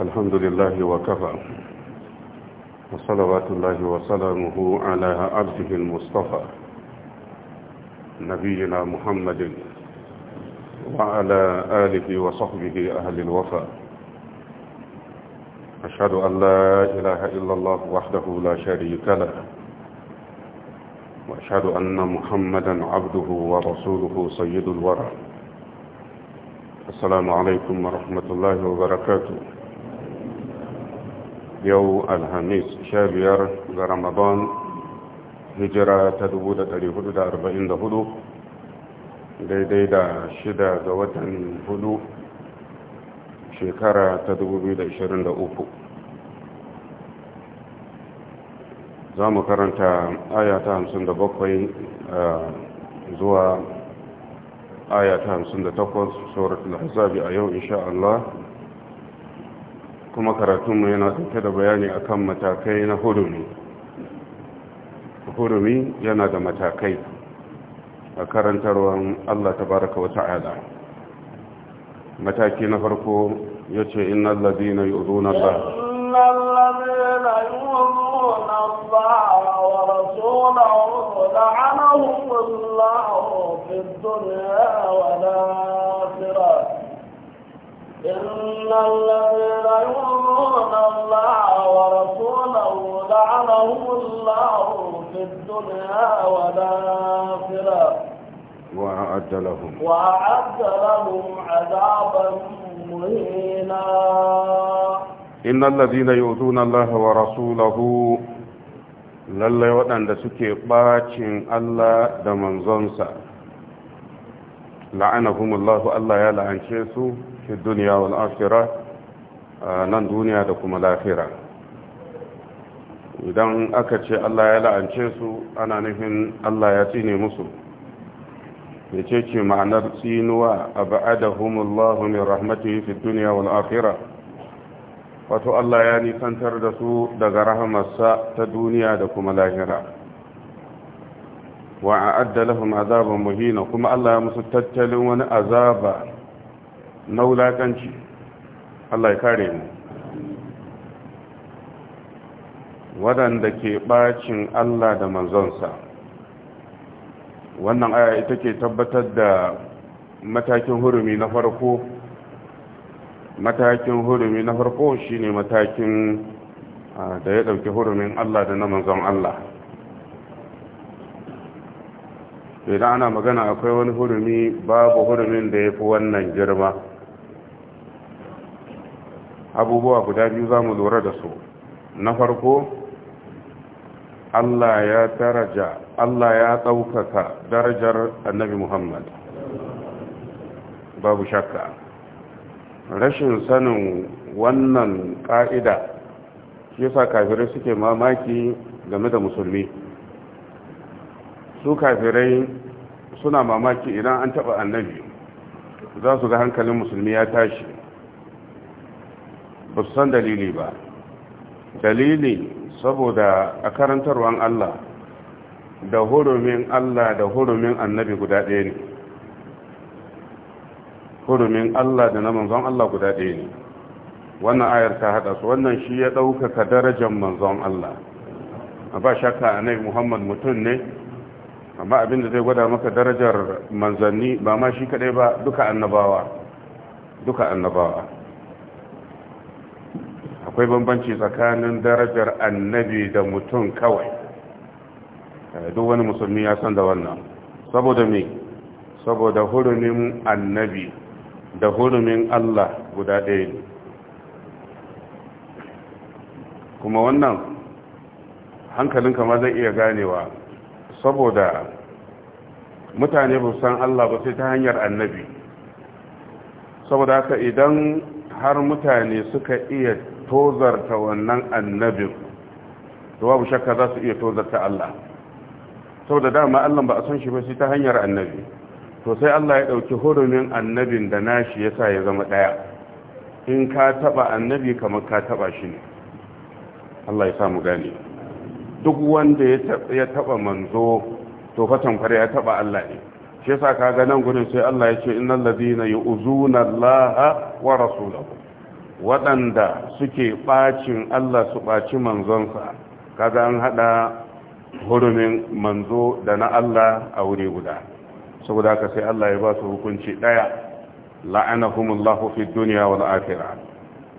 الحمد لله وكفى وصلوات الله وسلامه على عبده المصطفى نبينا محمد وعلى آله وصحبه أهل الوفاء أشهد أن لا إله إلا الله وحده لا شريك له وأشهد أن محمدا عبده ورسوله سيد الورى السلام عليكم ورحمة الله وبركاته yau alhamis sha biyar ga ramadan hijira ta hudu, daidai da shida ga watan hudu shekara ta 2023 za mu karanta aya ta 57 zuwa aya ta 58 suratul hasabi a yau insha Allah kuma karatunmu yana ɗauke da bayani akan matakai na hurumi hurumi yana da matakai a karantarwar Allah Ta Baraka wata ala mataki na farko ya ce inna na yi uzo na لعنهم الله في الدنيا والآخرة إن الذين يؤمنون الله ورسوله لعنهم الله في الدنيا والآخرة وأعد لهم وأعد لهم عذابا مهينا إن الذين يؤذون الله ورسوله lallai waɗanda suke ɓacin Allah da manzonsa la'anahumullahu Allah ya la'ance su fi duniya wal akhirah nan duniya da kuma lafira idan aka ce Allah ya la'ance su ana nufin Allah ya tsine musu ya ce ce ma'anar tsinuwa a ba'adahumullahu min rahmati fi duniya wal akhirah wato Allah ya nisantar da su daga rahamarsa ta duniya da kuma lahira wa a'adda lahum azaban muhina kuma Allah ya musu tattalin wani azaba na wulakanci Allah ya kare mu waɗanda ke ɓacin Allah da manzonsa wannan aya ita ke tabbatar da matakin hurumi na farko matakin hurumi na farko shine matakin da ya ɗauki hurumin Allah da na manzon Allah idan ana magana akwai wani hurumi babu hurumin da ya fi wannan girma abubuwa guda biyu za mu lura da su na farko Allah ya daraja Allah ya darajar annabi Muhammad babu shakka rashin sanin wannan ƙa'ida shi yasa kafirai suke mamaki game da musulmi su kafirai suna mamaki idan an taɓa annabi za su ga hankalin musulmi ya tashi ba san dalili ba dalili saboda a karantarwan Allah da hurumin Allah da hurumin annabi guda ɗaya ne hurumin Allah da na manzon Allah guda ɗaya ne wannan ayar ta haɗa su wannan shi ya ɗaukaka darajar manzon Allah ba shakka a nai muhammad mutum ne amma abinda zai gwada maka darajar manzanni ba ma shi kaɗai ba duka annabawa duka annabawa akwai bambanci tsakanin darajar annabi da mutum kawai eh, duk wani musulmi ya san da wannan saboda me saboda hurumin annabi da hurumin Allah guda ɗaya ne kuma wannan hankalin kama zai iya ganewa saboda mutane ba san Allah ba sai ta hanyar annabi saboda haka idan har mutane suka iya tozarta wannan annabin to babu shakka za su iya tozarta Allah saboda dama Allah ba a san shi ba shi ta hanyar annabi to sai Allah ya ɗauki hurumin annabin da nashi yasa ya zama daya in ka taba annabi kamar ka taba shi ne Allah ya samu gane duk wanda ya taba manzo to fatan fara ya taba Allah ne shi yasa kaga nan gurin sai Allah ya ce innal ladina yu'zuna Allah wa rasulahu waɗanda suke ɓacin Allah su ɓaci manzonsa kaga an haɗa hurumin manzo da na Allah a wuri guda saboda haka sai Allah ya ba su hukunci ɗaya la'anahumullahu fi duniya wal akhirah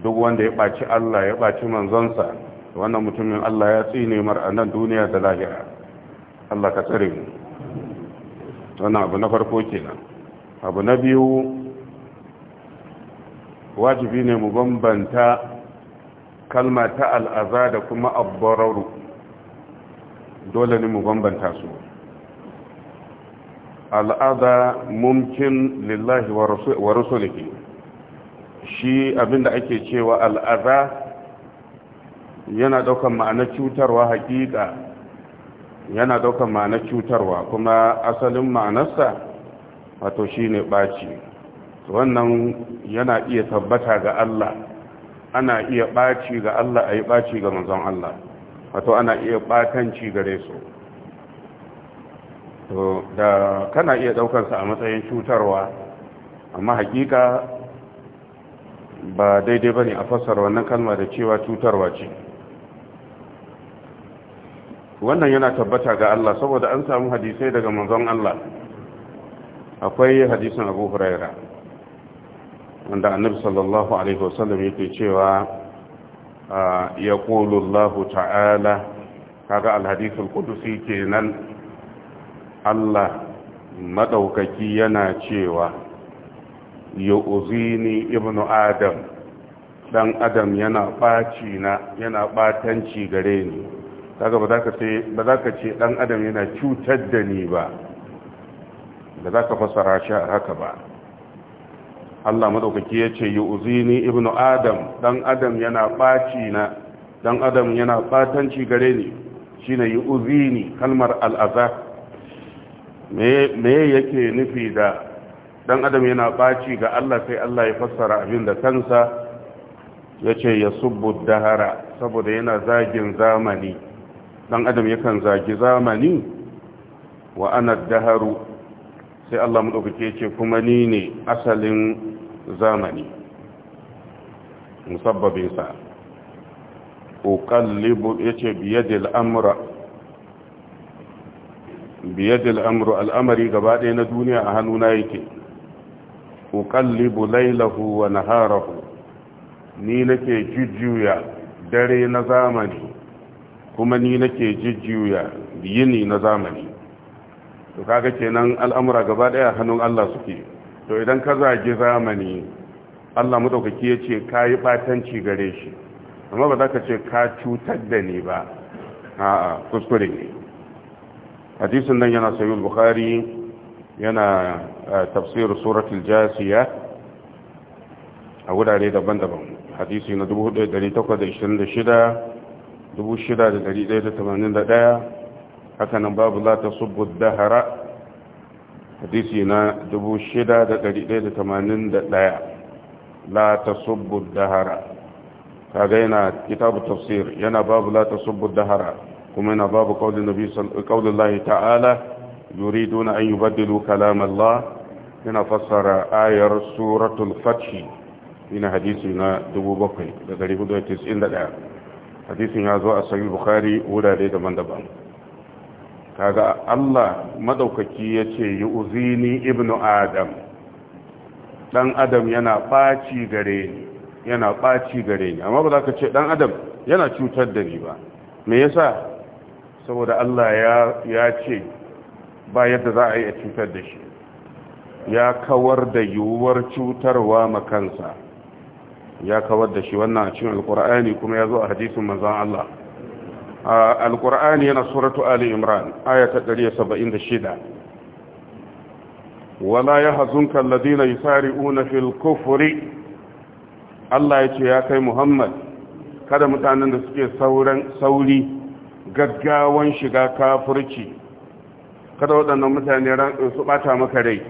duk wanda ya ɓaci Allah ya ɓaci manzonsa wannan mutumin Allah ya tsine mar a nan duniya da lahira Allah ka tsare mu wannan abu na farko kenan abu na biyu wajibi ne mu bambanta kalma ta al'aza da kuma abbararu dole ne mu bambanta su al'aza mumkin lillahi wa rasulihi shi abinda ake cewa al'aza yana daukan ma'ana cutarwa hakika yana daukan ma'ana cutarwa kuma asalin ma'anarsa wato shine ɓaci wannan yana iya tabbata ga Allah ana iya ɓaci ga Allah a yi ɓaci ga manzon Allah wato ana iya ɓatanci gare su to da kana iya ɗaukansa a matsayin cutarwa amma hakika ba daidai ba ne a fassara wannan kalma da cewa cutarwa ce wannan yana tabbata ga Allah saboda an samu hadisai daga manzon Allah akwai hadisin abu hurairah wanda annabi sallallahu alaihi wasallam yake cewa ah, ya Allahu ta'ala kaga alhadith al ke kenan Allah maɗaukaki yana cewa Ya'uzini ibnu adam ɗan adam yana baci na yana batanci gare ni kaga ba za ka ce ɗan adam yana cutar da ni ba da za ka fasara shi haka ba Allah madaukaki ya ce yu'zini ibnu adam dan adam yana baci na dan adam yana batanci gare ni shine yu'zini kalmar al'aza me me yake nufi da dan adam yana baci ga Allah sai Allah ya fassara abin da kansa yace yasubbu dahara saboda yana zagin zamani dan adam yakan zagi zamani wa ana daharu sai Allah ya ce kuma ni ne asalin zamani musabbabinsa uqallibu yace biyadil amra biyadil amru al'amari gaba ɗaya na duniya a hannuna yake uqallibu laylahu wa naharahu ni nake jujjuya dare na zamani kuma ni nake jujjuya yini na zamani to kaga kenan al'amura gaba a hannun Allah suke to idan ka zage zamani Allah madaukaki ya ce ka yi batanci gare shi amma ba za ka ce ka cutar da ni ba a kuskure ne hadisun nan yana sayi bukari yana tafsir suratul jasiya a wurare daban-daban hadisi na 1826 6181 haka nan babu ta tasubbu dahara hadisi na 6181 la tasubbu dahara kaga yana kitabu tafsir yana babu la tasubbu dahara kuma yana babu qaulin nabi ta'ala yuri ta'ala yuriduna an yubaddilu kalam la yana fassara ayar suratul fath ina hadisi na 7491 hadisin ya zo a sahih bukari wurare daban-daban kaga Allah madaukaki ya ce yi uzini ibnu adam dan adam yana ɓaci gare ni yana ɓaci gare ni amma ba za ka ce dan adam yana cutar da ni ba me yasa saboda Allah ya ce ba yadda za a yi a cutar da shi ya kawar da yiwuwar cutarwa makansa ya kawar da shi wannan a cikin alkur'ani kuma ya zo a hadisin manzon Allah Alƙur'ani yana suratu ali imran aya ta 176 wala yahzunka alladhina yusari'una fil kufri Allah yace ya kai Muhammad kada mutanen da suke sauran sauri gaggawan shiga kafirci kada waɗannan mutane ran su bata maka rai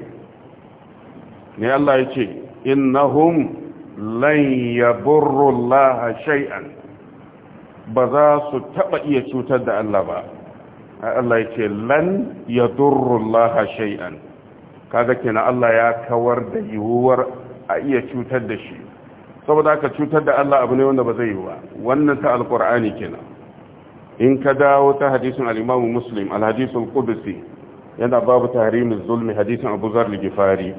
ne Allah yace innahum lan yaburru Allah shay'an ba za su taba iya cutar da Allah ba Allah ya ce lan yadurrullaha shay'an kaga kenan Allah ya kawar da yiwuwar a iya cutar da shi saboda aka cutar da Allah abu ne wanda ba zai yi ba wannan ta alqur'ani kenan in ka dawo ta hadisin al-Imam Muslim al-Hadith al-Qudsi yana babu tahrimuz zulmi hadisin Abu Zar al-Ghifari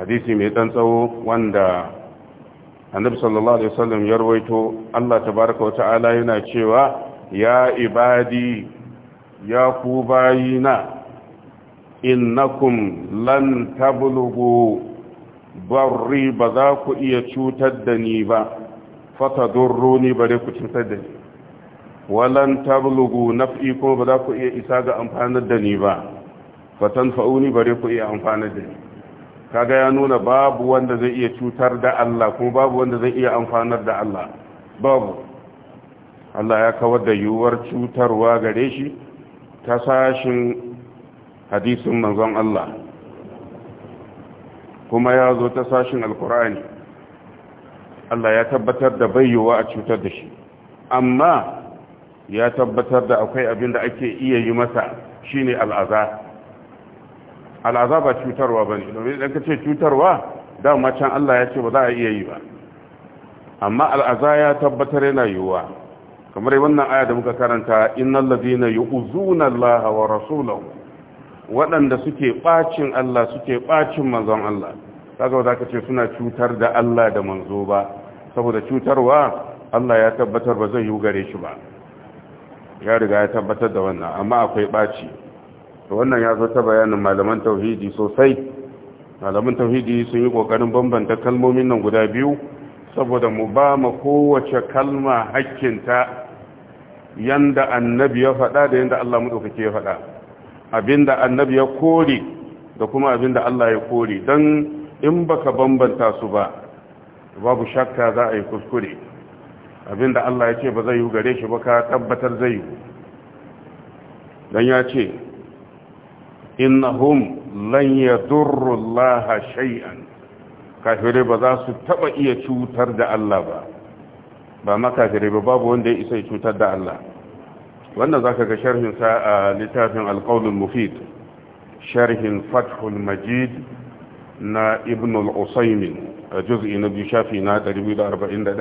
hadisi mai dan tsawo wanda annabi sallallahu alaihi wasallam ya rawaito Allah tabaraka wata'ala yana cewa ya ibadi ya ku bayina innakum lan tablughu barri ba za ku iya cutar da ni ba fata durruni bare ku cutar da ni walan tablughu naf'i kuma ba za ku iya isa ga amfanar da ni ba fatan fa'uni bare ku iya amfanar da ni kaga ya nuna babu wanda zai iya cutar da Allah kuma babu wanda zai iya amfanar da Allah babu Allah ya kawar da yiwuwar cutarwa gare shi ta sashin hadisin manzon Allah kuma ya zo ta sashin alkur'ani Allah ya tabbatar da bayyuwa a cutar da shi amma ya tabbatar da akwai abin da ake iya yi masa shine al'aza al'aza ba cutarwa ba ne domin idan ka ce cutarwa dama can Allah ya ce ba za a iya yi ba amma al'aza ya tabbatar yana yiwuwa kamar wannan aya da muka karanta innal yi yu'zuna Allah wa rasulun waɗanda suke ɓacin Allah suke ɓacin manzon Allah ta za ka ce suna cutar da Allah da manzo ba saboda cutarwa Allah ya tabbatar ba zai yi gare shi ba ya riga ya tabbatar da wannan amma akwai ɓaci. to wannan ya zo ta bayanin malaman tauhidi sosai malaman tauhidi sun yi kokarin bambanta kalmomin nan guda biyu saboda mu ba mu kowace kalma hakkinta yanda annabi ya faɗa da yanda Allah madaukake ya faɗa abinda annabi ya kore da kuma abinda Allah ya kore dan in baka bambanta su ba babu shakka za a yi kuskure abinda Allah ya ce ba zai yi gare shi ba ka tabbatar zai yi dan ya ce innahum lan yadurru Allah shay'an kafirai ba za su taba iya cutar da Allah ba ba ma ba babu wanda ya isa cutar da Allah wannan zaka ga sharhin sa a littafin alqaulul mufid sharhin fathul majid na ibn al-usaymin a juz'i na biyu shafi na 241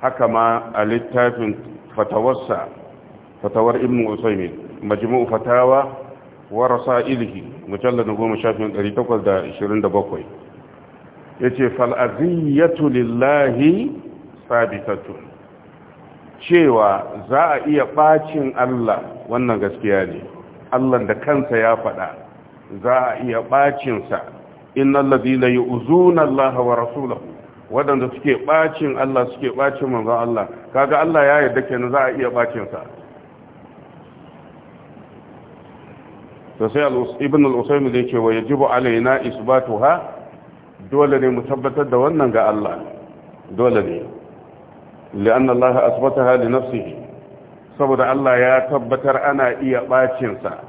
haka ma a littafin fatawarsa fatawar ibn al-usaymin majmu'u fatawa Warasa rasailihi mujallad goma shafin 827 ya ce fal'aziyyatu lillahi sabitatun cewa za a iya ɓacin Allah wannan gaskiya ne Allah da kansa ya faɗa za a iya ɓacinsa inna lazina yi uzunan Allah wa rasulahu waɗanda suke ɓacin Allah suke ɓacin manzon Allah kaga Allah ya yarda kenan za a iya ɓacinsa to sai ibn al-usaymi da yake wa yajibu alaina isbatuha dole ne mu tabbatar da wannan ga Allah dole ne lian Allah asbataha li nafsihi saboda Allah ya tabbatar ana iya bacin sa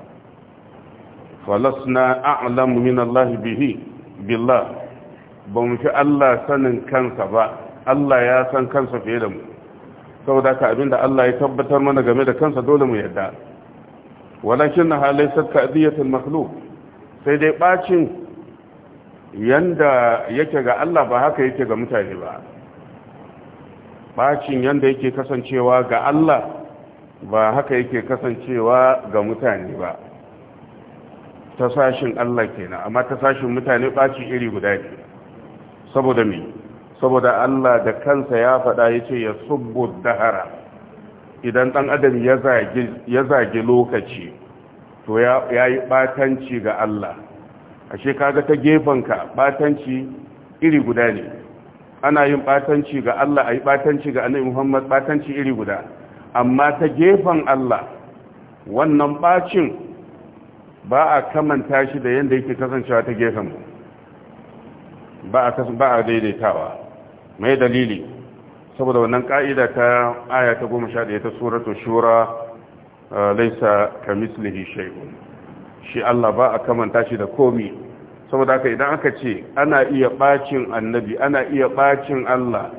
falasna a'lamu min Allah bihi billah ba mu fi Allah sanin kansa ba Allah ya san kansa fiye da mu saboda ka abinda Allah ya tabbatar mana game da kansa dole mu yarda walakin na sarka ta'adiyyatul makhluq sai dai bacin yanda yake ga Allah ba haka yake ga mutane ba bacin yanda yake kasancewa ga Allah ba haka yake kasancewa ga mutane ba ta sashin Allah kenan amma ta sashin mutane bacin iri guda ne saboda me saboda Allah da kansa ya faɗa yace ya subbu dahara idan ɗan adam ya zagi lokaci to ya yi ɓatanci ga Allah a shekaga ta ka ɓatanci iri guda ne ana yin ɓatanci ga Allah a yi ɓatanci ga annabi Muhammad ɓatanci iri guda amma ta gefen Allah wannan ɓacin ba a kamanta shi da yadda yake kasancewa ta gefen ba a daidaitawa mai dalili saboda wannan ka'ida ta aya ta goma sha ɗaya ta suratu shura uh, laisa kamis, lihi, shay'un shi Allah ba a kamanta shi da komi saboda haka idan aka ce ana iya bacin annabi ana iya bacin Allah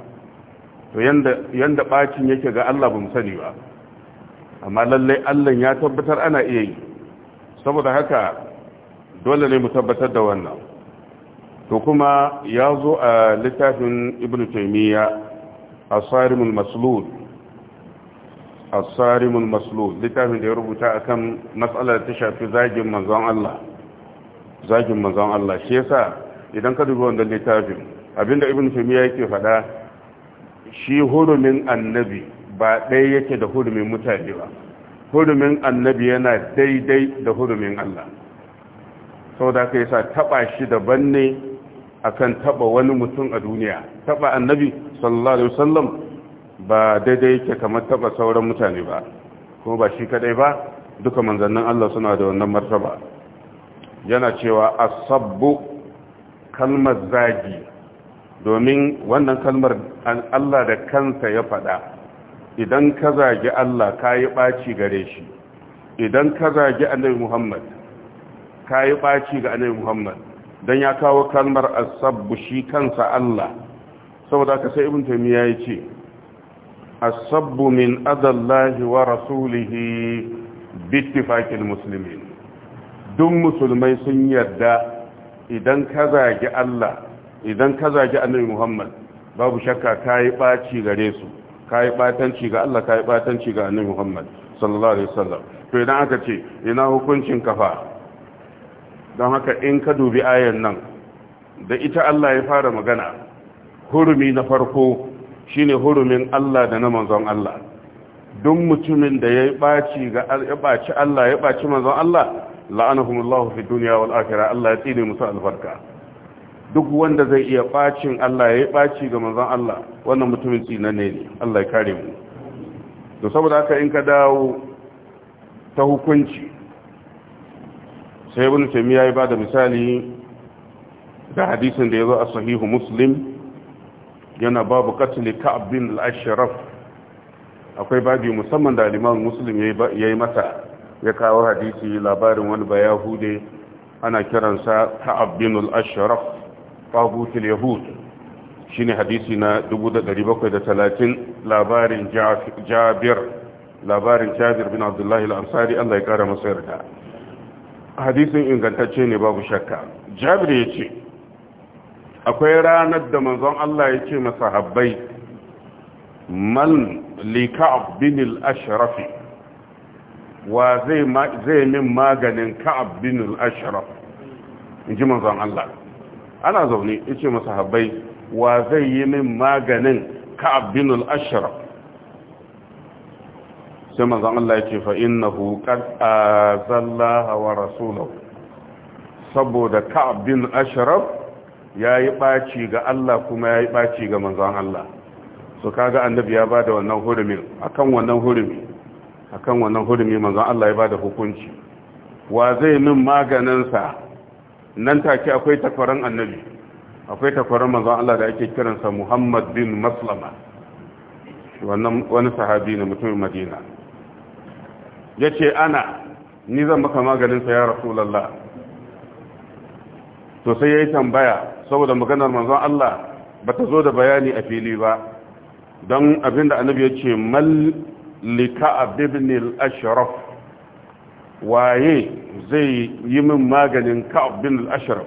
to yanda bacin yake ga Allah ba mu sani ba amma lallai Allah ya tabbatar ana iya yi saboda haka dole ne mu tabbatar da wannan to kuma ya zo a littafin ibnu taymiya asarimul maslul asarimul maslul da ya rubuta akan matsalar ta shafi zagin manzon Allah zagin manzon Allah shi yasa idan ka dubi wannan littafin abinda ibn taymiya yake faɗa shi hurumin annabi ba ɗaya yake da hurumin mutane ba hurumin annabi yana daidai da hurumin Allah sau da ka yi sa taɓa shi daban ne akan taɓa wani mutum a duniya taba annabi sallallahu alaihi wasallam ba daidai yake kamar taba sauran mutane ba kuma ba shi kadai ba duka manzannin Allah suna da wannan martaba yana cewa asabbu kalmar zagi domin wannan kalmar Allah da kansa ya faɗa idan ka zagi Allah ka yi ɓaci gare shi idan ka zagi annabi Muhammad ka yi ɓaci ga annabi Muhammad don ya kawo kalmar asabbu shi kansa Allah saboda aka sai ibn taymiya ya ce asabbu min adallahi wa rasulihi ittifaqil muslimin duk musulmai sun yarda idan ka zagi Allah idan ka zagi annabi Muhammad babu shakka kai baci gare su kai batanci ga Allah kai batanci ga annabi Muhammad sallallahu alaihi wasallam to idan aka ce ina hukuncin kafa don haka in ka dubi ayan nan da ita Allah ya fara magana hurumi na farko shine hurumin Allah da na manzon Allah duk mutumin da ya ɓaci ya Allah ya ɓaci manzon Allah la'anahumullahu fi dunya wal akhirah Allah ya tsine musu albarka duk wanda zai iya ɓacin Allah ya ɓaci ga manzon Allah wannan mutumin tsinanne ne Allah ya kare mu to saboda haka in ka dawo ta hukunci sai ibn taymiya ya bada misali da hadisin da yazo a sahihu muslim yana babu katili ka'abin bin akwai babi musamman da liman ya yi mata ya kawo hadisi labarin wani bayahude ana kiransa ka'abin bin al-ashraf shi ne shine hadisi na 1730 labarin jabir labarin jabir bin abdullahi al-ansari Allah ya kara masu yarda hadisin ingantacce ne babu shakka jabir yace akwai ranar da manzon Allah ya ce masahabbai man lika'ab bin al-ashraf wa zai zai min maganin ka'ab bin al-ashraf inji manzon Allah ana zaune ya ce masa masahabbai wa zai yi min maganin ka'ab bin al-ashraf sai manzon Allah ya ce yace fa innahu qad azallaha wa rasulahu saboda ka'ab bin ashraf ya yi ɓaci ga Allah kuma ya yi ɓaci ga manzan Allah so kaga annabi ya ba da wannan hurumin kan wannan hurumi kan wannan hurumi manzan Allah ya ba da hukunci wa zai min maganinsa nan take akwai takwaran annabi akwai takwaran manzan Allah da ake kiransa Muhammad bin Maslama wani sahabi na mutumin Madina ya ce ana ni zan maka maganinsa ya rasulallah to sai ya yi tambaya saboda maganar manzon Allah ba ta zo da bayani a fili ba don abinda annabi ya ce mallika abibin ashraf waye zai yi min maganin ka'ab bin ashraf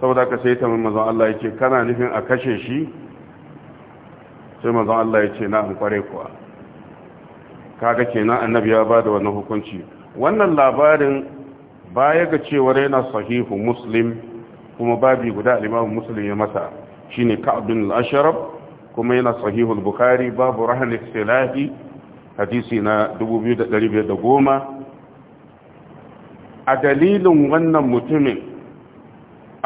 saboda ka sai ta manzon Allah ya ce kana nufin a kashe shi sai manzon Allah ya ce na an kware kuwa kaga kenan annabi ya bada wannan hukunci wannan labarin baya ga cewar yana sahihu muslim kuma babi guda al musulun ya masa shine ne bin al kuma yana sahihul al-Bukhari babu rahl al hadisi na 2510 a dalilin wannan mutumin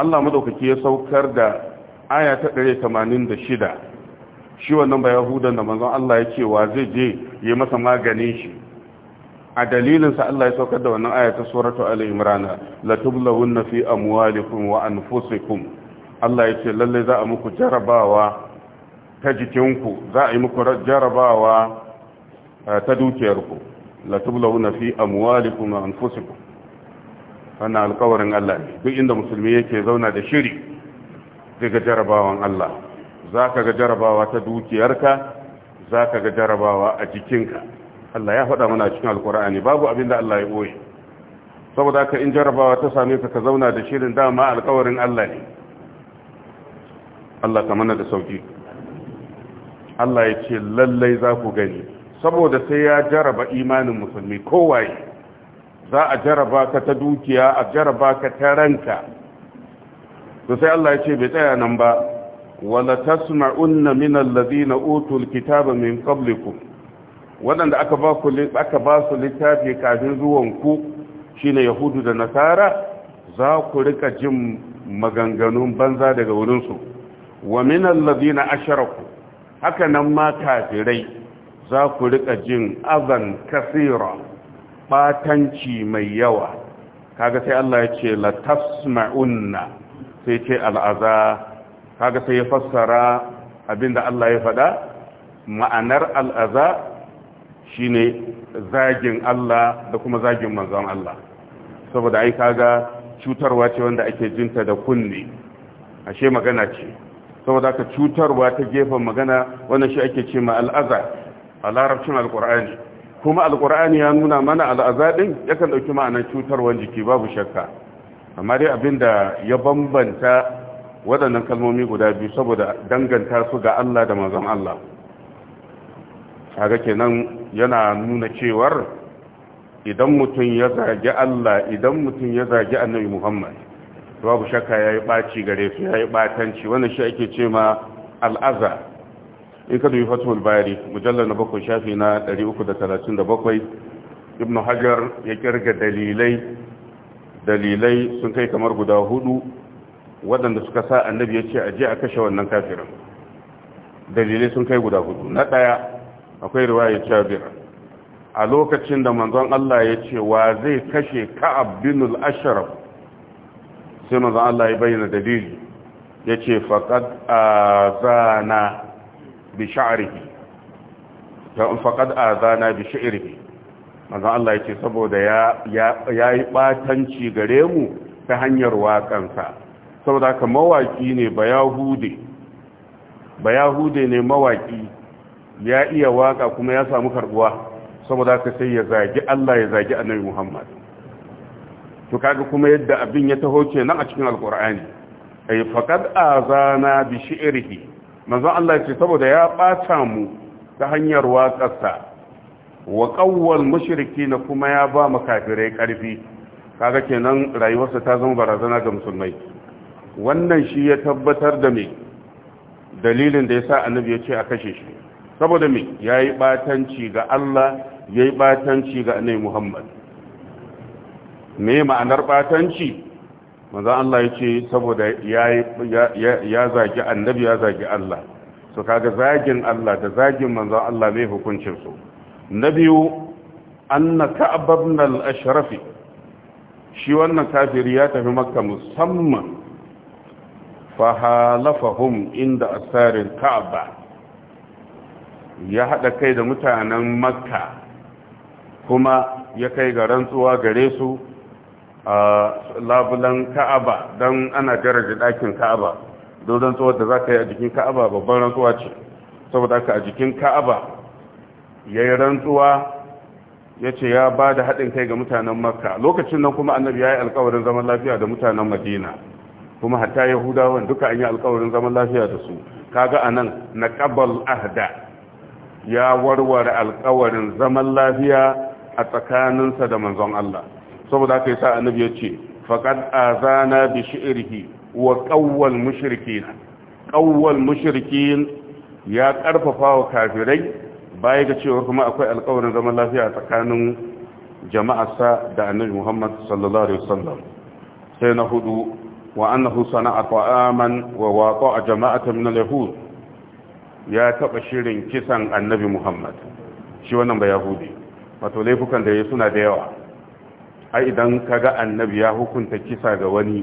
Allah madaukaki ya saukar da aya ta 186 shi wannan ba yahudan da manzon Allah ya ce wa zai je ya masa maganin shi a dalilinsa Allah ya saukar da wannan aya ta suratu Ali Imran la tublawunna fi amwalikum wa anfusikum Allah yake lalle za a muku jarabawa ta jikinku za a yi muku jarabawa eh, ta dukiyarku la tublawunna fi amwalikum wa anfusikum wannan alƙawarin Allah ne duk inda musulmi yake zauna da shiri daga jarabawan Allah Za ka ga jarabawa ta dukiyarka Za ka ga jarabawa a jikinka Allah ya faɗa mana cikin Alƙur'ani babu abin da Allah ya boye saboda haka in jarabawa ta same ka ka zauna da shirin dama alkawarin Allah ne Allah ka mana da sauki Allah ya ce lallai za ku gani saboda sai ya jaraba imanin musulmi kowaye za a jaraba ka ta dukiya a jaraba ka ta ranka to sai Allah ya ce bai tsaya nan ba wala tasma'unna min allazina utul kitaba min qablikum waɗanda aka ba su littafi kafin zuwan ku shine yahudu da nasara za ku rika jin maganganun banza daga wurin su wa min allazina asharaku haka nan ma kafirai za ku rika jin azan kasira batanci mai yawa kaga sai Allah ya ce la tasma'unna sai ce al'aza kaga sai ya fassara abinda Allah ya faɗa ma'anar al'aza shine zagin Allah da kuma zagin manzon Allah saboda ai kaga cutarwa ce wanda ake jinta da kunne ashe magana ce saboda ka cutarwa ta gefen magana wannan shi ake ce ma al'aza a larabcin alkur'ani kuma alkur'ani ya nuna mana al'aza din yakan ɗauki ma'anar cutarwar jiki babu shakka amma dai abinda ya bambanta waɗannan kalmomi guda biyu saboda danganta su ga Allah da manzon Allah kaga kenan yana nuna cewar idan mutum ya zagi Allah idan mutum ya zagi annabi Muhammad babu shakka yayi baci gare su yayi batanci wannan shi ake ce ma al'aza in ka dubi fatul bari mujallal na bakwai shafi na 337 ibnu hajar ya kirga dalilai dalilai sun kai kamar guda hudu waɗanda suka sa annabi ya ce a je a kashe wannan kafirin dalilai sun kai guda hudu na ɗaya akwai riwaya jabir a lokacin da manzon Allah ya ce wa zai kashe ka'ab bin al-ashraf sai manzon Allah ya bayyana dalili yace faqad azana bi sha'rihi ya faqad azana bi sha'rihi manzon Allah yace saboda ya yayi batanci gare mu ta hanyar waƙansa saboda haka mawaki ne ba yahude ba yahude ne mawaki ya iya waka kuma ya samu karbuwa saboda haka sai ya zagi Allah ya zagi annabi Muhammad to kaga kuma yadda abin ya taho kenan a cikin alqur'ani ay faqad azana bi shi'rihi manzo Allah ce saboda ya bata mu ta hanyar waƙarsa wa qawwal mushrikin na kuma ya ba makafirai karfi kaga kenan rayuwarsa ta zama barazana ga musulmai wannan shi ya tabbatar da me dalilin da yasa annabi ya ce a kashe shi saboda me yayi batanci ga Allah yayi batanci ga annabi Muhammad me ma'anar batanci manzo Allah yace saboda ya zagi annabi ya zagi Allah so kaga zagin Allah da zagin manzo Allah mai hukuncin su biyu anna ka'ab ashrafi al shi wannan kafiri ya tafi makka musamman fahalafahum inda asarin ka'aba ya haɗa kai da mutanen makka kuma ya kai ga rantsuwa gare su a labulan ka'aba don ana daraja ɗakin ka'aba don rantsuwar da za ka yi a jikin ka'aba babban rantsuwa ce saboda ka a jikin ka'aba ya yi rantsuwa ya ce ya ba da haɗin kai ga mutanen makka lokacin nan kuma annabi ya yi alkawarin zaman lafiya da mutanen madina kuma hatta yahudawan duka an yi alkawarin zaman lafiya da su kaga anan na ahda ya warware alkawarin zaman lafiya a tsakaninsa da manzon Allah saboda haka sa annabi ya ce faqad azana bi shi'rihi wa qawwal mushrikin qawwal mushrikin ya karfafa wa kafirai baya ga cewa kuma akwai alkawarin zaman lafiya a tsakanin jama'arsa da annabi Muhammad sallallahu alaihi wasallam sai na hudu wa annahu sana'a ta'aman wa waqa'a jama'atan min al-yahud ya taɓa shirin kisan annabi muhammad shi wannan ba yahudi wato laifukan da ya suna da yawa ai idan ka ga annabi ya hukunta kisa ga wani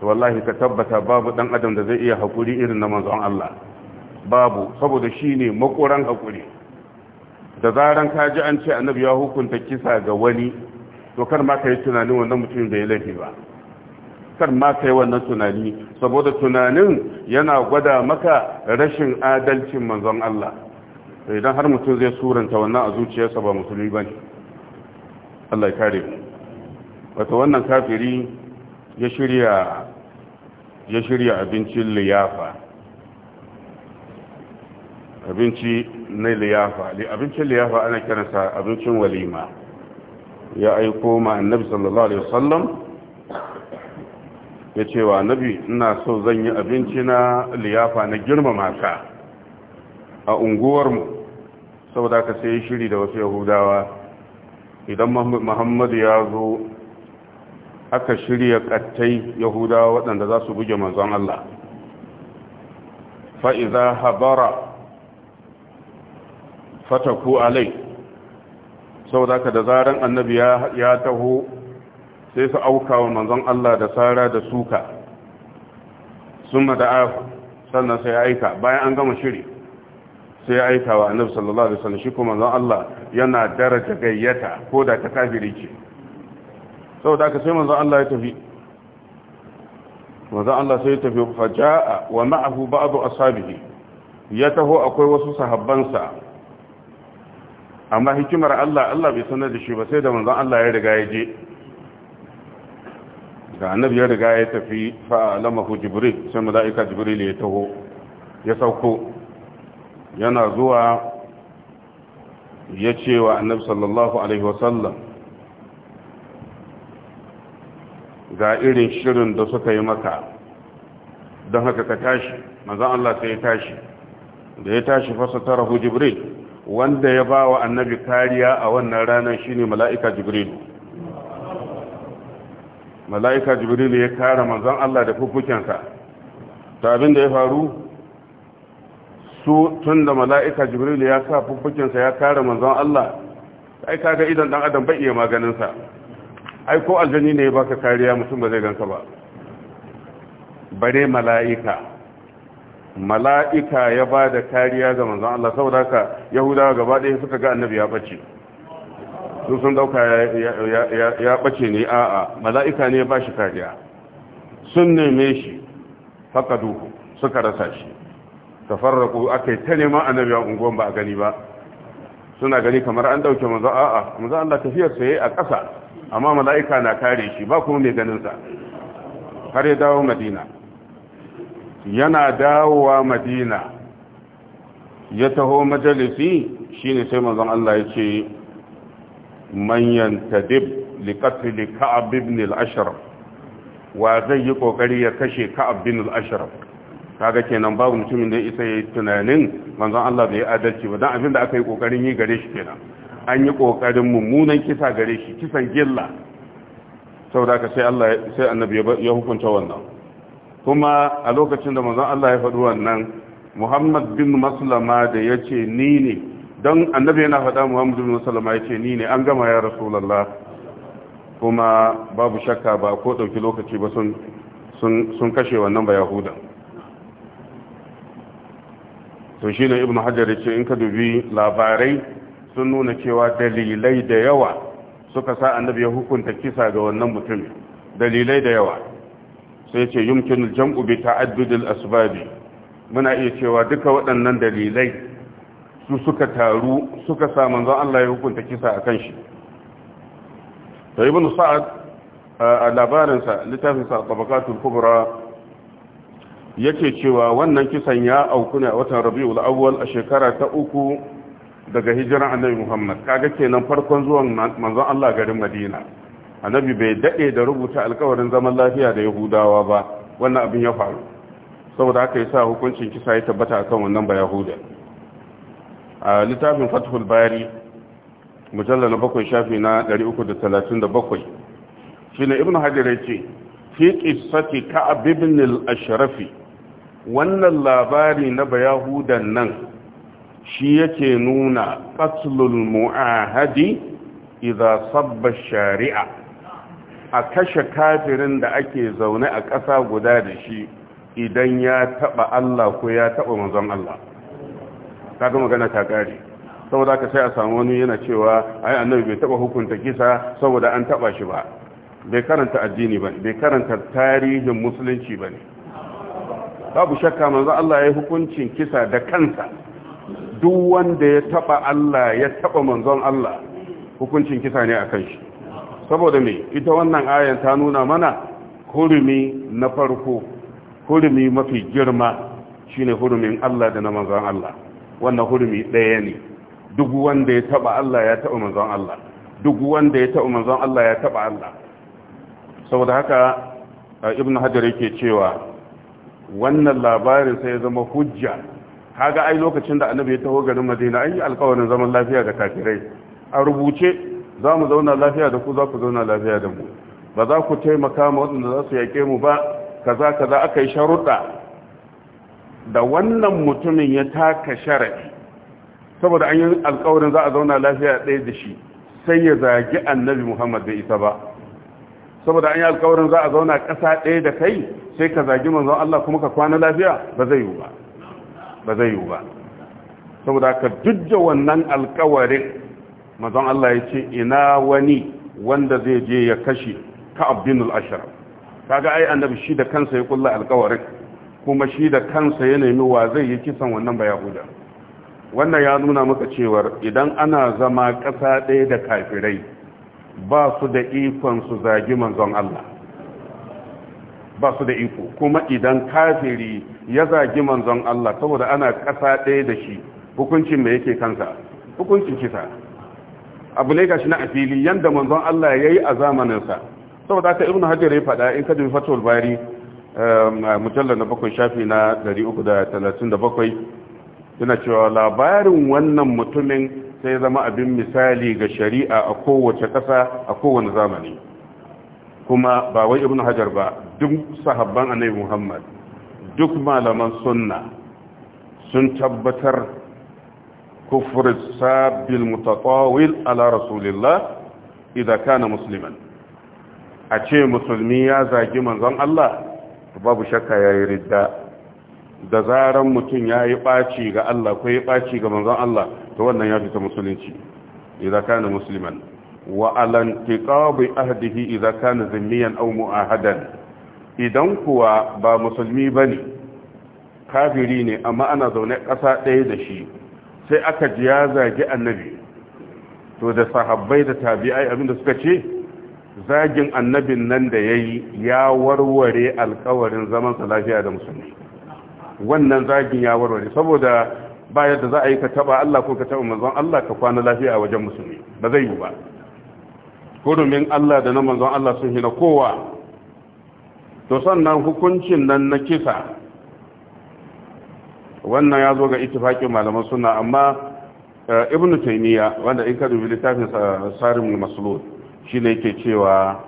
to wallahi ka tabbata babu dan adam da zai iya haƙuri irin na manzon Allah babu saboda shi ne makoran haƙuri da zaran ka ji an ce annabi ya hukunta kisa ga wani to kar ma ka yi tunanin wannan mutumin da ya laifi ba kar ma kai wannan tunani saboda tunanin yana gwada maka rashin adalcin manzon Allah idan har mutum zai suranta wannan a zuciyarsa ba musulmi bane Allah ya kare mu wato wannan kafiri ya shirya ya shirya abincin liyafa abinci na liyafa abincin liyafa ana kiransa abincin walima ya aiko ma annabi sallallahu alaihi wasallam ya ce wa nabi ina so zan yi abinci na liyafa na girmama ka a unguwarmu saboda ka sai shiri da wasu yahudawa idan muhammadu ya zo aka shirya kattai yahudawa waɗanda za su buge manzon Allah fa'iza habara fataku alai saboda ka da zaren annabi ya taho sai su auka wa manzon Allah da tsara da suka da mada'afu sannan sai ya aika bayan an gama shiri sai ya aika wa annabi sallallahu alaihi wasallam shi kuma manzon Allah yana daraja gayyata ko da ta kafiri ce saboda haka sai manzon Allah ya tafi manzon Allah sai ya tafi faja'a wa ma'ahu ba'du ashabihi ya taho akwai wasu sahabbansa amma hikimar Allah Allah bai sanar da shi ba sai da manzon Allah ya riga ya je da annabi ya riga ya tafi fa'alamahu jibril sai mala'ika jibril ya taho ya sauko yana zuwa ya ce wa annabi sallallahu alaihi wasallam ga irin shirin da suka yi maka don haka ka tashi maza Allah sai ya tashi da ya tashi fasa tarahu jibril wanda ya ba wa annabi kariya a wannan ranar shine mala'ika jibrilu mala'ika jibril ya kare manzon Allah da fuffukensa ta abin da ya faru su tun da mala'ika jibril ya sa sa ya kare manzon Allah ai kaga idan dan adam bai iya maganinsa ai ko aljani ne ya baka kariya mutum ba zai ganka ba bare mala'ika mala'ika ya ba da kariya ga manzon Allah saboda haka yahudawa gaba ɗaya suka ga annabi ya bace sun sun dauka ya bace ne a'a mala'ika ne ba shi kariya sun neme shi fakadu suka rasa shi aka yi ta neman a nabiya unguwan ba a gani ba suna gani kamar an dauke a a'a manzo Allah tafiyar sa a ƙasa amma mala'ika na kare shi ba kuma mai ganinsa. har ya dawo Madina yana dawowa Madina ya taho majalisi shine sai mazan Allah ya ce من ينتدب لقتل كعب بن الأشرف وزي wa zai yi kokari ya kashe kaga kenan babu mutumin da isa yayi tunanin manzon Allah bai adalci ba dan abin da aka yi kokarin yi gare shi kenan an yi kokarin mummunan kisa gare shi kisan gilla saboda ka sai Allah sai annabi ya hukunta wannan kuma a lokacin da manzon Allah ya faɗi wannan Muhammad bin Maslama da yace ni ne don annabi yana faɗa muhammadu bin sallama ya ce ni ne an gama ya rasulallah kuma babu shakka ba ko ɗauki lokaci ba sun kashe wannan ba yahuda to shi ne ibn hajjar ce in ka dubi labarai sun nuna cewa dalilai da yawa suka sa annabi ya hukunta kisa ga wannan mutum dalilai da yawa sai ce yumkin jam'u bi ta'addudil asbabi muna iya cewa duka waɗannan dalilai su suka taru suka sa manzon Allah ya hukunta kisa a kan shi to ibn sa'ad a labarinsa littafinsa sa tabaqatul kubra yake cewa wannan kisan ya auku ne a watan rabiul awwal a shekara ta uku daga hijira annabi muhammad kaga kenan farkon zuwan manzon Allah garin madina annabi bai dade da rubuta alkawarin zaman lafiya da yahudawa ba wannan abin ya faru saboda haka sa hukuncin kisa ya tabbata akan wannan ba yahuda a littafin Fatihul bari mujalla na bakwai shafi na 337 shi ne ibn hajjar ya ce fi ƙisati ka'ab ibn al-ashrafi wannan labari na bayahudan nan shi yake nuna qatlul mu'ahadi idza sabba shari'a a kashe kafirin da ake zaune a ƙasa guda da shi idan ya taɓa Allah ko ya taɓa manzon Allah ga magana ta kare saboda ka sai a samu wani yana cewa ai annabi bai taba hukunta kisa saboda an taba shi ba bai karanta addini ba bai karanta tarihin musulunci ba ne babu shakka manzo Allah ya hukuncin kisa da kansa duk wanda ya taba Allah ya taba manzon Allah hukuncin kisa ne a kan shi saboda me ita wannan ayan ta nuna mana hurumi na farko hurumi mafi girma shine hurumin Allah da na manzon Allah wannan hurumi ɗaya ne duk wanda ya taɓa Allah ya taɓa manzon Allah duk wanda ya taɓa manzon Allah ya taɓa Allah saboda haka ibnu hajar yake cewa wannan labarin sai ya zama hujja kaga ai lokacin da annabi ya taho garin madina ai alƙawarin zaman lafiya da kafirai a rubuce za mu zauna lafiya da ku za ku zauna lafiya da mu ba za ku taimaka ma waɗanda za su yaƙe mu ba kaza kaza aka yi sharuɗa da wannan mutumin ya taka sharaɗi saboda an yi alkawarin za a zauna lafiya ɗaya da shi sai ya zagi annabi muhammad bai isa ba saboda an yi alkawarin za a zauna ƙasa ɗaya da kai sai ka zagi manzon allah kuma ka kwana lafiya ba zai yiwu ba ba zai yiwu ba saboda ka dujja wannan alkawarin manzon allah ya ce ina wani wanda zai je ya kashe ka abdinul ashraf kaga ai annabi shi da kansa ya kulla alkawarin kuma shi da kansa ya nemi wa zai yi kisan wannan bayahuda wannan ya nuna maka cewar idan ana zama ƙasa ɗaya da kafirai ba su da ikon su zagi manzon Allah ba su da iko kuma idan kafiri ya zagi manzon Allah saboda ana ƙasa ɗaya da shi hukuncin mai yake kansa hukuncin kisa abu ne gashi na afili yanda manzon Allah ya yi a zamaninsa saboda aka ibn hajar ya faɗa in ka dubi fatul bari mujallar na bakwai shafi na 337 yana cewa labarin wannan mutumin sai zama abin misali ga shari'a a kowace ƙasa a kowane zamani kuma ba wai ibn hajar ba duk sahabban annabi muhammad duk malaman sunna sun tabbatar kufur sabil mutatawil ala rasulillah idza kana musliman a ce musulmi ya zagi manzon Allah babu shakka yi ridda da zaran mutum ya yi ɓaci ga Allah ko yi ɓaci ga manzon Allah to wannan ya fita musulunci idza kana musulman wa ala intiqabi ahdihi idza kana zimmiyan aw muahadan idan kuwa ba musulmi bane kafiri ne amma ana zaune ƙasa ɗaya da shi sai aka ji ya zagi annabi to da sahabbai da tabi'ai abinda suka ce zagin annabin nan da ya yi ya warware alkawarin zamansa lafiya da musulmi wannan zagin ya warware saboda ba yadda za a yi ka taba Allah ko ka taba manzon Allah ka kwana lafiya a wajen musulmi ba zai yi ba hurumin Allah da na manzon Allah sun hina kowa to sannan hukuncin nan na kisa wannan ya zo ga ittifaqin malaman sunna amma eh, ibnu taymiya wanda in ka dubi littafin sarimul maslud shi ne ke cewa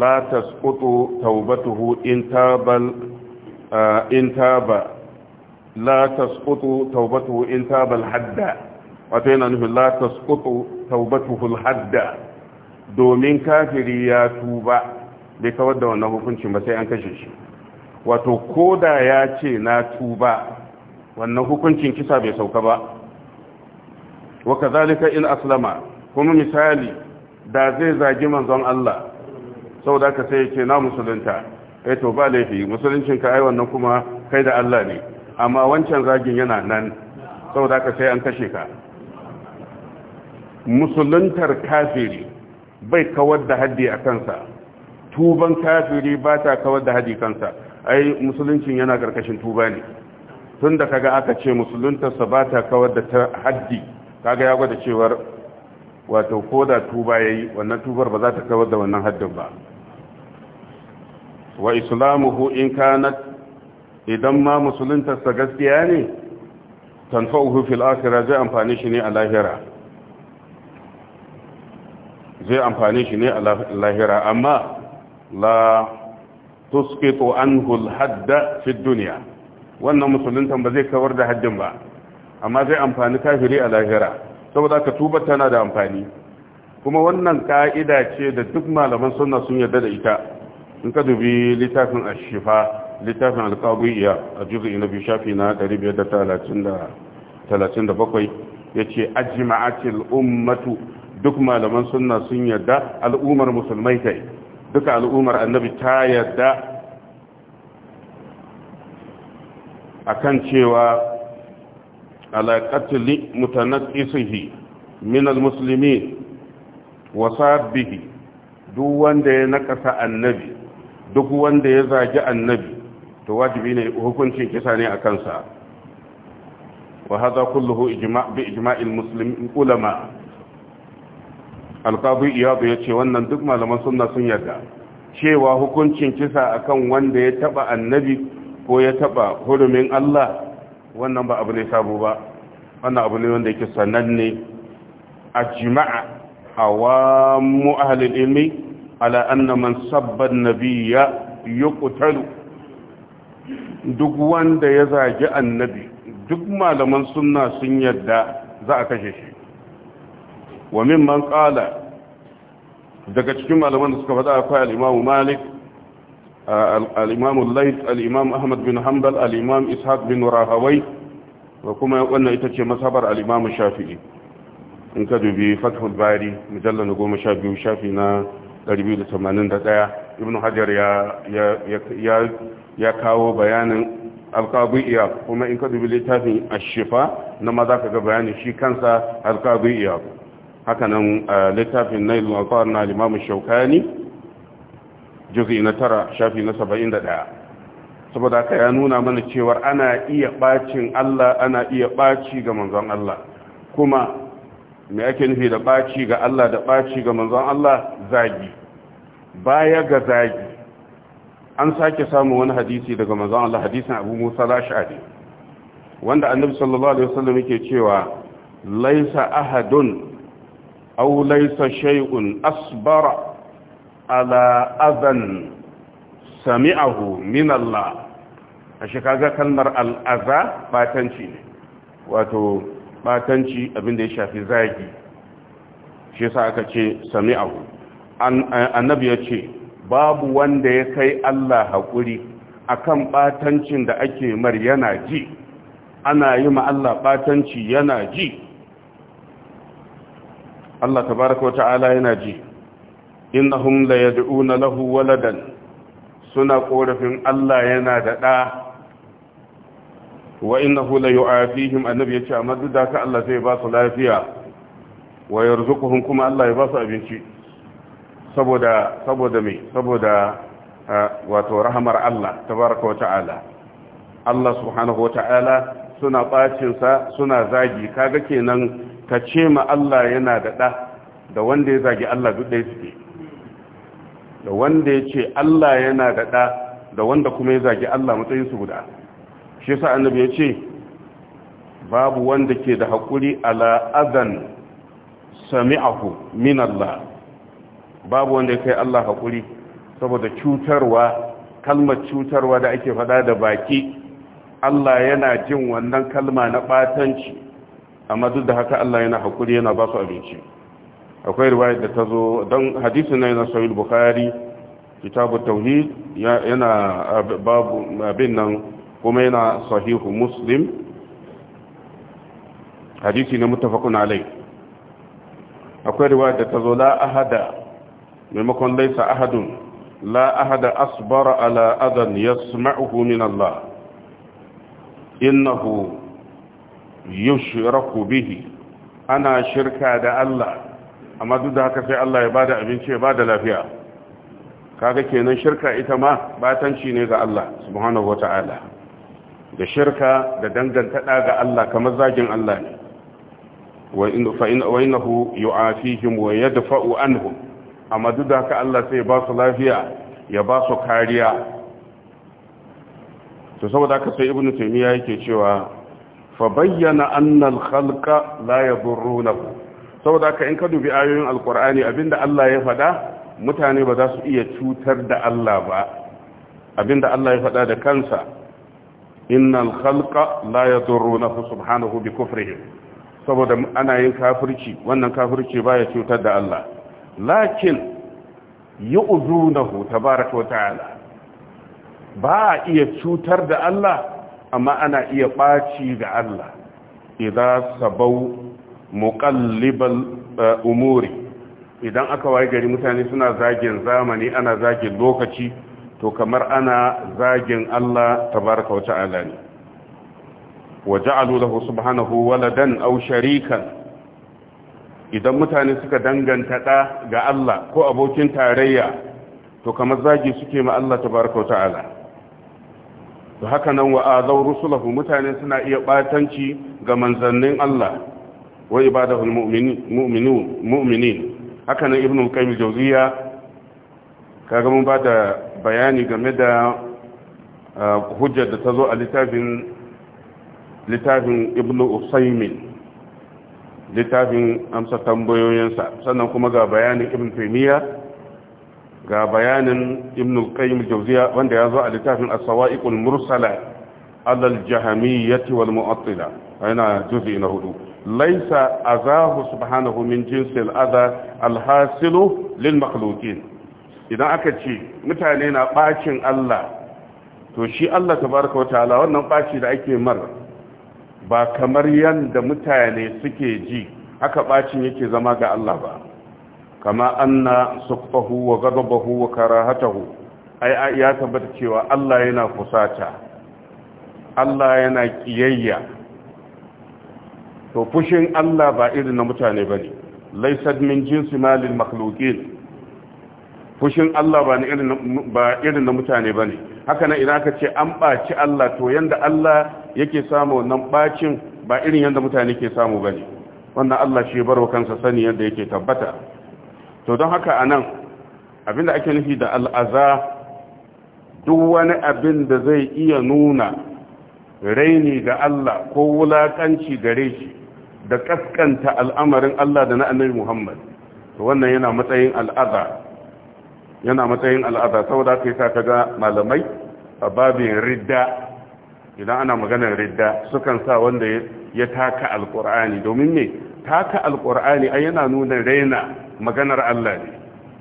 latas tasqutu taubatuhu in tabal in taba la tasqutu taubatuhu in tabal hadda wato yana nufin la tasqutu taubatuhu hadda domin kafiri ya tuba bai kawar da wannan hukuncin ba sai an kashe shi wato ko da ya ce na tuba wannan hukuncin kisa bai sauka ba wa kazalika in aslama kuma misali da zai zagi manzon Allah da ka sai yake na musulunta ya eh to ba laifi musuluncin ka ai nan kuma kai da Allah ne amma wancan zagin yana nan da ka sai an kashe ka musuluntar kafiri bai kawar da haddi a kansa tuban kafiri ba ta kawar da haddi kansa ai musuluncin yana karkashin tuba ne tun da kaga aka ce musuluntarsa ba ta kawar da ta haddi kaga ya gwada cewar wato ko da tuba ya yi wannan tubar ba za ta kawar da wannan haddin ba wa islamuhu in kanat idan ma musuluntarsa gaskiya ne tanfa'uhu fil akhirah zai amfani shi ne a lahira zai amfani shi ne a lahira amma la tusqitu anhu al hadda fi dunya wannan musuluntan ba zai kawar da haddin ba amma zai amfani kafiri a lahira saboda ka tuba tana da amfani kuma wannan ka'ida ce da duk malaman sunna sun yarda da ita in ka dubi littafin ashifa littafin alqawiya a juz'i na biyu shafi na 537 yace ajma'atil ummatu duk malaman sunna sun yarda al'ummar musulmai kai duka al'ummar annabi ta yarda akan cewa على قتل متنقصه من المسلمين وصابه duk wanda ya nakasa annabi duk wanda ya zagi annabi to wajibi ne hukuncin kisa ne a kansa wa hadha kulluhu bi ijma'il muslimin ulama alqadi iyad ce wannan duk malaman sunna sun yarda cewa hukuncin kisa akan wanda ya taba annabi ko ya taba hurumin Allah wannan ba abu ne sabo ba wannan abu ne wanda yake sananne a jima'a awamu ahlul ilmi ala anna man sabba nabiyya yuqtalu duk wanda ya zagi annabi duk malaman sunna sun yadda za a kashe shi wa man kala daga cikin malaman da suka faɗa akwai al malik al-imam al ahmad bin Hamdal, al-imam ishaq bin rahawai wa kuma wannan ita ce masabar al-imam shafi'i in ka dubi fathul bari mujallal 12 shafi na 281 ibn hajar ya kawo bayanin alkabu'iya kuma in ka dubi littafin ashifa na ma za ka ga bayanin shi kansa alkabu'iya hakanan littafin nailun alfawar na limamin shaukani juzi na tara shafi na saba'in da ɗaya saboda haka ya nuna mana cewar ana iya ɓacin Allah ana iya ɓaci ga manzon Allah kuma me ake nufi da ɓaci ga Allah da ɓaci ga manzon Allah zagi baya ga zagi an sake samu wani hadisi daga manzon Allah hadisin Abu Musa al-Ash'ari wanda Annabi sallallahu alaihi wasallam yake cewa laisa ahadun aw laisa shay'un asbara ala azan sami'ahu min Allah a shi kalmar al'aza batanci ne wato batanci abinda ya shafi zagi shi sa aka ce sami'ahu annabi ya ce babu wanda ya kai Allah haƙuri akan batancin da ake mar yana ji ana yi ma Allah batanci yana ji Allah tabaraka wa ta'ala yana ji innahum la yad'una lahu waladan suna korafin Allah yana da ɗa wa innahu la yu'afihim annabi yace amma duk da ka Allah zai ba su lafiya wa yarzuquhum kuma Allah ya ba abinci saboda me saboda wato rahamar Allah tabaraka wata'ala Allah subhanahu wata'ala suna bacin sa suna zagi kaga kenan ka ce ma Allah yana da ɗa da wanda ya zagi Allah duk ɗaya suke da wanda ya ce Allah yana da ɗa da wanda kuma ya zagi Allah matsayinsu guda shi yasa annabi ya ce babu wanda ke da haƙuri ala azan sami'ahu min Allah babu wanda ya kai Allah haƙuri saboda cutarwa kalmar cutarwa da ake faɗa da baki Allah yana jin wannan kalma na ɓatanci amma duk da haka Allah yana haƙuri yana ba su abinci akwai riwayar da ta zo don hadisin na yana sahih bukhari kitabu tauhid yana babu abin nan kuma yana sahihu muslim hadisi na mutafakun alai akwai riwayar da ta zo la ahada maimakon laisa ahadun la ahada asbara ala adan yasma'uhu min Allah innahu yushraku bihi ana shirka da Allah amma duk da haka sai Allah ya bada abinci ya bada lafiya kaga kenan shirka ita ma batanci ne ga Allah subhanahu wata'ala da shirka da danganta ga Allah kamar zagin Allah ne wa innahu yu'afihim wa yadfa'u anhum amma duk da haka Allah sai ya ba su lafiya ya ba su kariya to saboda haka sai ibnu taymiya yake cewa fa bayyana anna al-khalqa la yadurrunahu saboda haka in ka dubi ayoyin alkur'ani abinda Allah ya faɗa mutane ba za su iya cutar da Allah ba abinda Allah ya faɗa da kansa innal khalqa la yadurrunahu subhanahu bi kufrihim saboda ana yin kafirci wannan kafirci baya cutar da Allah lakin yu'zunahu tabaaraka ta'ala, ba a iya cutar da Allah amma ana iya ɓaci ga Allah idan sabau muqallibal eh, umuri idan aka waye gari mutane suna zagin zamani ana zagin lokaci to kamar ana zagin Allah tabaraka wa ta'ala ne waja'alu lahu subhanahu waladan aw sharikan idan mutane suka danganta ɗa ga Allah ko abokin tarayya to kamar zagi suke ma Allah tabaraka wa ta'ala to haka nan wa azaw rusulahu mutane suna iya batanci ga manzannin Allah Wai ibadahul mu'minun mu'minin haka nan ibnu qayyim jawziya kaga mun bada bayani game da ah, hujjar da ta zo a litafin littafin ibnu usaymin littafin amsa tambayoyinsa sannan kuma ga bayanin ibnu taymiya ga bayanin ibnu qayyim jawziya wanda ya zo a littafin as-sawa'iqul mursala ala al-jahmiyyah wal mu'attila yana juz'i na hudu laisa azahu subhanahu min jinsil adha alhasilu lil makhluqin idan aka ce mutane na bacin Allah to shi Allah tabaraka wataala wannan baci da ake mar ba kamar yanda mutane suke ji haka bacin yake zama ga Allah ba kama anna suqtahu wa ghadabahu wa karahatahu ai ya tabbata cewa Allah yana fusata Allah yana kiyayya to fushin Allah ba irin na mutane ba ne laisad min jinsi malin makhluqin fushin Allah ba irin na mutane ba ne haka nan idan aka ce an ɓaci Allah to yanda Allah yake samu wannan ɓacin ba irin yanda mutane ke samu ba ne wannan Allah shi baro kansa sani yanda yake tabbata to don haka anan abinda ake nufi da al'aza duk wani abin da zai iya nuna raini ga Allah ko wulaƙanci gare shi da kaskanta al'amarin Allah da na annabi Muhammad to wannan yana matsayin al'aza yana matsayin al'aza saboda kai sa kaga malamai a babin ridda idan ana maganar ridda sukan sa wanda ya taka alqur'ani domin me taka alqur'ani ai yana nuna raina maganar Allah ne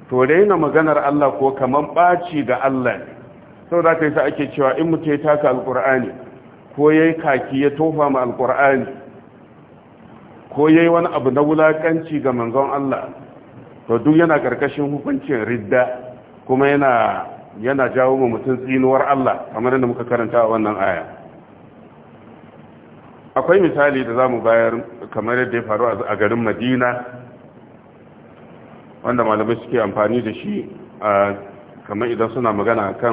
to raina maganar Allah ko kaman baci ga Allah ne saboda kai sa ake cewa in mutum ya taka alqur'ani ko yayi kaki ya tofa ma alqur'ani ko ya yi wani abu na wulakanci ga manzon Allah to duk yana karkashin hukuncin ridda kuma yana jawo mu mutum tsinuwar Allah kamar yadda muka karanta a wannan aya akwai misali da zamu bayar kamar yadda ya faru a garin Madina wanda malamai suke amfani da shi kamar idan suna magana kan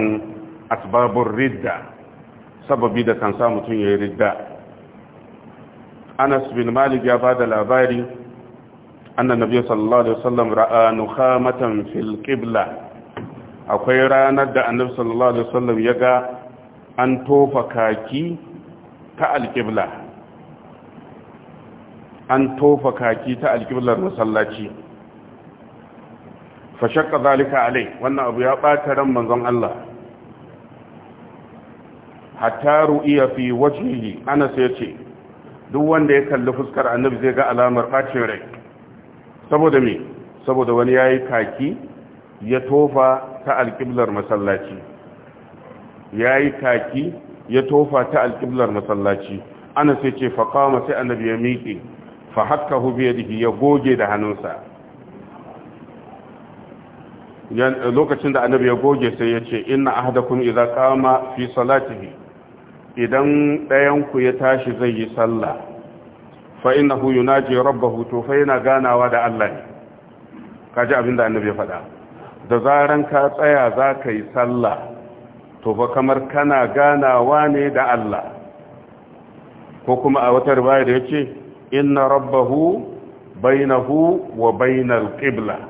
asbabun ridda sababi da kan sa mutum ya yi ridda anas bin malik ya bada labari annan nabi sallallahu alaihi wasallam ra'a nukhamatan fil qibla akwai ranar da annabi sallallahu alaihi wasallam ya ga an tofa kaki ta alqibla an tofa kaki ta alqiblar masallaci fa shaqqa zalika alai wannan abu ya bata ran manzon Allah hatta ru'iya fi wajhihi ana sai ce duk wanda ya kalli fuskar annabi zai ga alamar bacin rai saboda me saboda wani yayi kaki ya tofa ta alƙiblar masallaci yayi kaki ya tofa ta alƙiblar masallaci ana sai ce fa qama sai annabi ya miƙe fa hakkahu bi yadihi ya goge da hannunsa lokacin da annabi ya goge sai ya ce inna ahadakum idza qama fi salatihi idan ɗayanku ya tashi zai yi sallah fa innahu yunaji rabbahu to fa yana ganawa da Allah ne kaji abin da annabi ya faɗa da zaran ka tsaya za ka yi sallah to fa kamar kana ganawa ne da Allah ko kuma a wata riwaya da yace inna rabbahu bainahu wa bainal qibla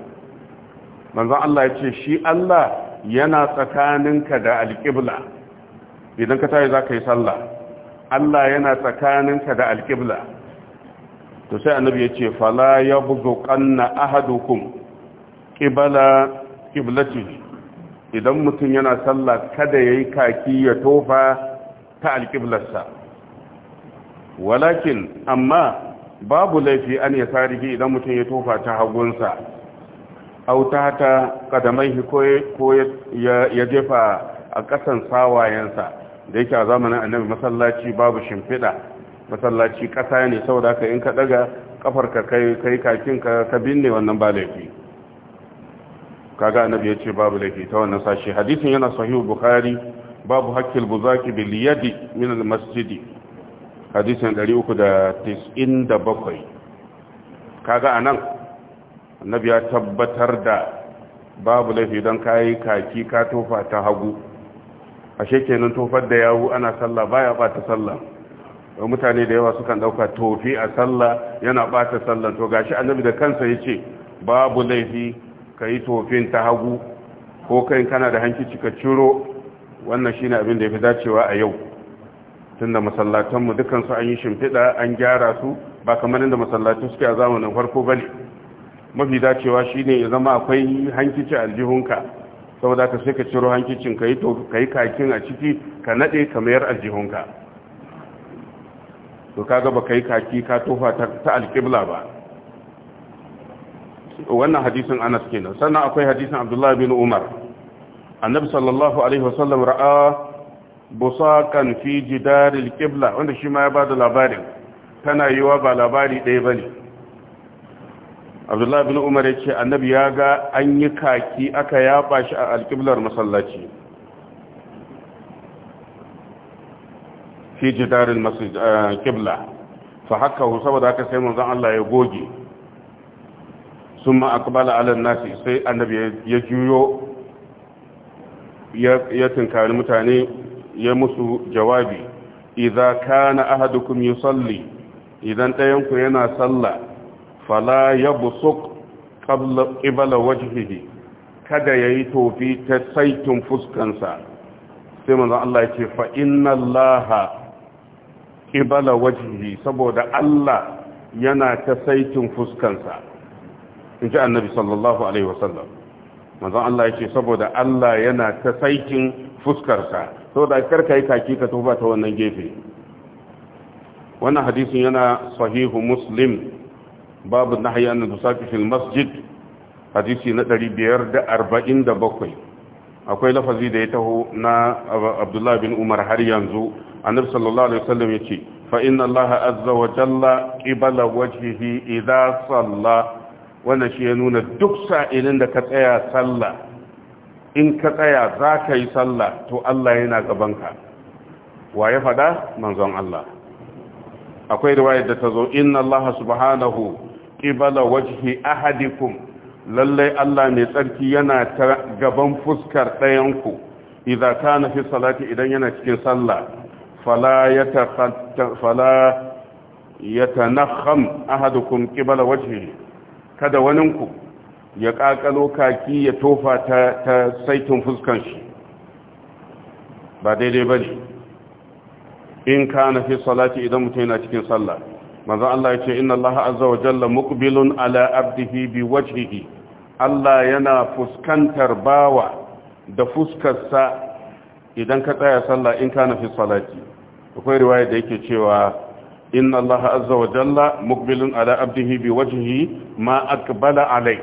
manzon Allah yace shi Allah yana tsakaninka da alƙibla. idan ka tayi za ka yi sallah Allah yana tsakaninka da alƙibla to sai annabi ya ce fala ya buzo ƙanna ahadukum ƙibala ƙiblati idan mutum yana sallah kada ya yi kaki ya tofa ta alƙiblarsa walakin amma babu laifi an ya tarihi idan mutum ya tofa ta hagunsa auta ta kadamai ko ya jefa a ƙasan sawayensa da yake a zamanin annabi masallaci babu shimfiɗa masallaci ƙasa ne saboda haka in ka ɗaga ƙafarka kai kai kakin ka ka binne wannan ba laifi kaga annabi ya ce babu laifi ta wannan sashi hadisin yana sahihu bukhari babu hakkil buzaki bil yadi min al masjidi hadisin 397 kaga anan annabi ya tabbatar da babu laifi don kayi kaki ka tofa ta hagu ashe kenan tofar da yawu ana sallah baya bata sallah mutane da yawa sukan dauka tofi a sallah yana bata sallah to gashi annabi da kansa ya ce babu laifi kai tofin ta hagu ko kai kana da hankici ka ciro wannan shine abin da yafi dacewa a yau tunda masallatan mu dukan su an yi shimfida an gyara su ba kamar inda masallatu suke a zamanin farko bane mafi dacewa shine ya zama akwai hankici aljihunka saboda ka sai ka ciro hankicin ka yi kakin a ciki ka naɗe ka mayar aljihunka to kaga ba ka yi kaki ka tofa ta alƙibla ba wannan hadisin anas kenan sannan akwai hadisin abdullahi bin umar annabi sallallahu alaihi wasallam ra'a busakan fi jidaril qibla wanda shi ma ya bada labarin tana yiwa ba labari ɗaya bane abdullahi bin umar ya ce annabi ya ga an yi kaki aka yaba shi a alƙiblar masallaci fi jidarin ƙibla eh, fa haka hu saboda haka sai manzan Allah ya goge sun ma akabala alan nasi sai annabi ya juyo ya tunkari mutane ya musu jawabi idan kana ahadukum yusalli idan ɗayanku yana sallah fala ya busuk ƙibala wajihihi kada ya yi tofi ta saitin fuskansa sai manzan Allah ce fa'inna laha ƙibala wajihihi saboda Allah yana ta saitin fuskansa in ji annabi sallallahu alaihi wasallam manzan Allah ya ce saboda Allah yana ta saitin fuskarsa saboda karka yi kaki ka tuba ta wannan gefe wannan hadisin yana sahihu muslim babu nahyi an tusafi fil masjid hadisi na 547 akwai lafazi da ya taho na Abdullah bin Umar har yanzu annabi sallallahu alaihi wasallam yace fa inna Allah azza wa jalla qibala wajhihi idza salla wannan shi ya nuna duk sa'ilin da ka tsaya sallah in ka tsaya za ka yi sallah to Allah yana gabanka wa ya faɗa manzon Allah akwai riwayar da ta zo inna Allah subhanahu Ƙibala wajhi ahadikum lallai Allah mai tsarki yana ta gaban fuskar ɗayanku ka na fi salati idan yana cikin sallah fala yatakhata fala yatanakham ahadukum qibala wajhi kada waninku ya ƙaƙalo kaki ya tofa ta, ta saitin fuskan shi ba daidai ne in na fi salati idan mutum yana cikin sallah manzo Allah ya ce inna Allah azza wa jalla muqbilun ala abdihi bi Allah yana fuskantar bawa da fuskarsa idan ka tsaya sallah in kana fi salati akwai riwaya da yake cewa inna Allah azza wa jalla muqbilun ala abdihi bi ma aqbala alai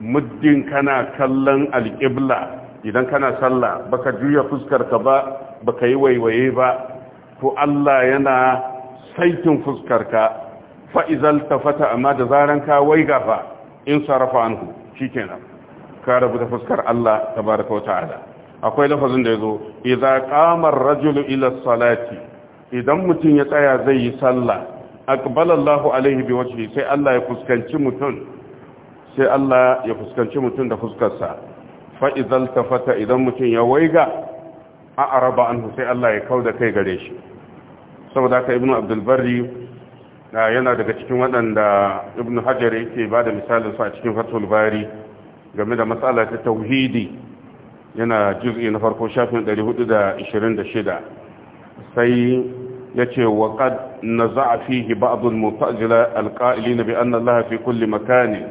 muddin kana kallon alqibla idan kana sallah baka juya fuskarka ba baka yi waiwaye ba to Allah yana saitin fuskarka fa'izal ta fata, amma da zaran ka waiga fa in sarafa anhu kenan. ka rabu da fuskar Allah tabaraka wa ta'ala akwai lafazin da ya zo, qama ar-rajulu ila salati idan mutum ya tsaya zai yi sallah aqbala Allahu alaihi bi wajhi sai Allah ya fuskanci mutum sai Allah ya fuskanci mutum da fuskarsa Fa'izal ta fata, idan mutum ya waiga a araba anhu sai Allah ya kauda kai gare shi saboda haka ibnu abdul barri yana daga cikin waɗanda ibnu hajar yake ba da misalin su a cikin fatul bari game da matsala ta tauhidi yana juz'i na farko shafin 426 sai yace wa na za fihi fi al-mu'tazila al na bi an Allah fi kulli makani.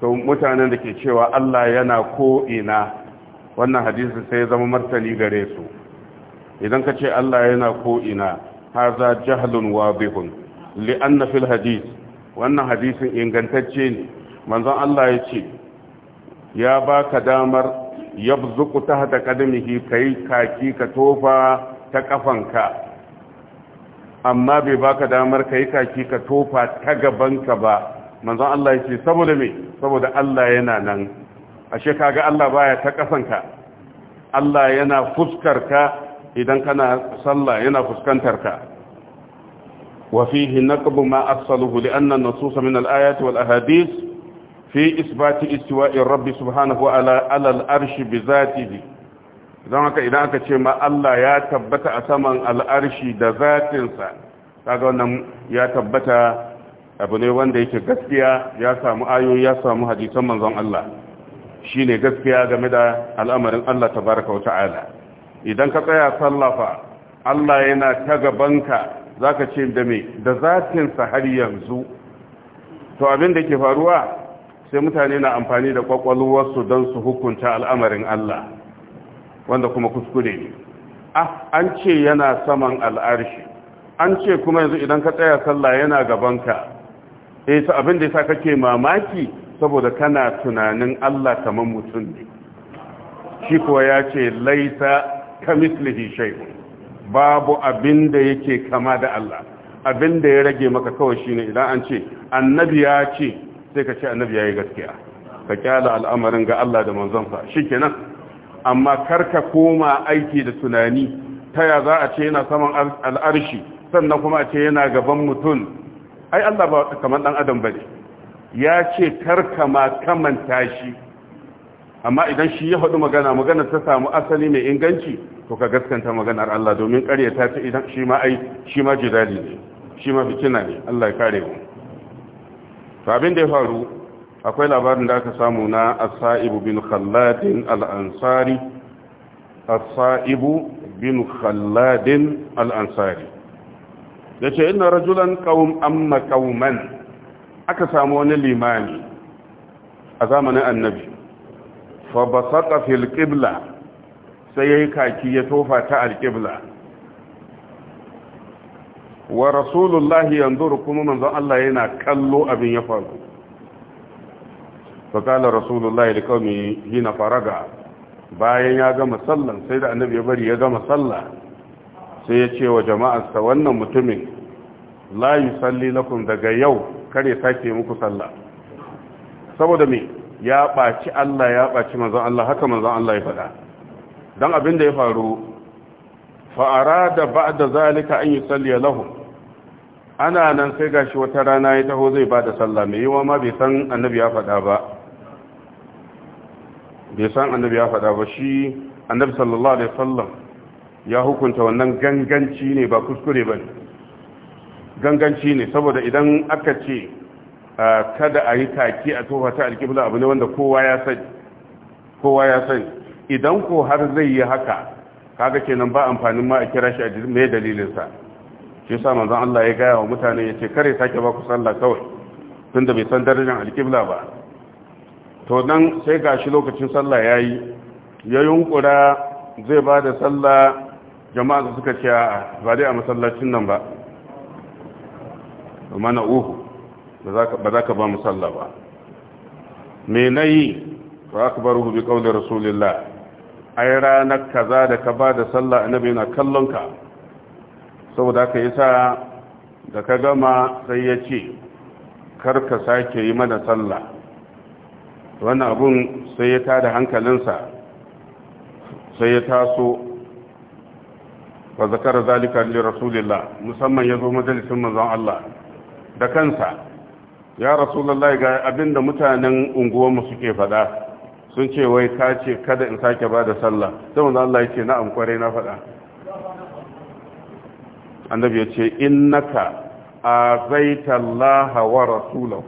to mutanen da ke cewa Allah yana ko'ina, wannan hadisi sai ya zama martani gare su idan ka ce Allah yana ko ina haza jahlun wadihun li'anna fil hadith wannan hadisin ingantacce ne manzon Allah ya ce ya baka damar yabzuku tahta ka yi kaki ka tofa ta kafanka amma bai baka damar ka yi kaki ka tofa ta gabanka ba manzon Allah ya ce saboda me saboda Allah yana nan ashe kaga Allah baya ta kasanka Allah yana fuskarka idan kana sallah yana fuskantar ka wa fihi naqbu ma afsaluhu li anna an-nusus min al-ayat wal ahadith fi isbat istiwa'i rabb subhanahu ala al-arsh bi don haka idan aka ce ma Allah ya tabbata a saman al da zatinsa kaga wannan ya tabbata abu ne wanda yake gaskiya ya samu ayoyi ya samu hadisan manzon Allah shine gaskiya game da al'amarin Allah ta tabaraka wata ala. idan ka tsaya sallafa Allah yana ta gabanka ka ce da me da zatinsa har yanzu to abin da ke faruwa sai mutane na amfani da kwakwalwarsu don su hukunta al'amarin Allah wanda kuma kuskure ne ah an ce yana saman al'arshi an ce kuma yanzu idan ka tsaya sallah yana gabanka eh sai abin da yasa kake mamaki saboda kana tunanin Allah kamar mutum ne shi kuwa ya ce laisa kamislihi shay'un babu abin da yake kama da Allah abin da ya rage maka kawai shine idan an ce annabi ya ce sai ka ce annabi yayi gaskiya ka kyala al'amarin ga Allah da manzonsa shikenan amma karka koma aiki da tunani ta ya za a ce yana saman al'arshi sannan kuma a ce yana gaban mutum ai Allah ba kamar dan adam bane ya ce karka ma kamanta shi amma idan shi ya faɗi magana magana ta samu asali mai inganci to ka gaskanta maganar Allah domin karya ta idan shi ma ai shi ma jidali ne shi ma fitina ne Allah ya kare mu to abin da ya faru akwai labarin da aka samu na as-sa'ib bin khallad al-ansari as-sa'ib bin khallad al-ansari yace inna rajulan amma qauman aka samu wani limami a zamanin annabi fa fil qibla sai yayi kaki ya tofa ta alqibla wa rasulullahi yanzu kuma manzon Allah yana kallo abin ya faru fa kala rasulullahi yi hina faraga bayan ya gama sallan sai da annabi ya bari ya gama sallah sai ya ce wa jama'arsa wannan mutumin la yusalli lakum daga yau kare sake muku salla saboda mai. ya ɓaci Allah ya ɓaci mazan Allah haka mazan Allah ya faɗa don abin da ya faru fa'ara da ba da zalika an yi tsalliya lahu ana nan sai gashi wata rana ya taho zai ba da sallah mai yiwa ma bai san annabi ya faɗa ba bai san annabi ya faɗa ba shi annabi sallallahu alaihi wasallam ya hukunta wannan ganganci ne ba kuskure ba ganganci ne saboda idan aka ce kada a yi kaki a tofa ta alƙibla abu ne wanda kowa ya sani idan ko har zai yi haka kaga kenan ba amfanin ma a kira shi a mai dalilinsa shi sa manzon Allah ya gaya wa mutane ya ce kare sake ba ku sallah kawai tunda bai san darajar alƙibla ba to nan sai ga shi lokacin sallah yi ya yunkura zai ba da sallah jama'a suka ce a ba dai a masallacin nan ba mana uhu ba za ka ba mu sallah ba me na yi fa akbaruhu bi qawli rasulillah ai ranar kaza da ka ba da sallah annabi na kallon ka saboda haka sa, da ka gama sai ya ce kar ka sake yi mana sallah wannan abun sai ya tada hankalinsa sai ya taso wa zakara zalika li rasulillah musamman yazo majalisin manzon Allah da kansa ya rasulullah ga abinda mutanen unguwarmu suke faɗa sun ce wai ka ce kada in sake ba da sallah sai wanda Allah ya ce na'am kware na faɗa annabi ya ce innaka azaita Allah wa rasulahu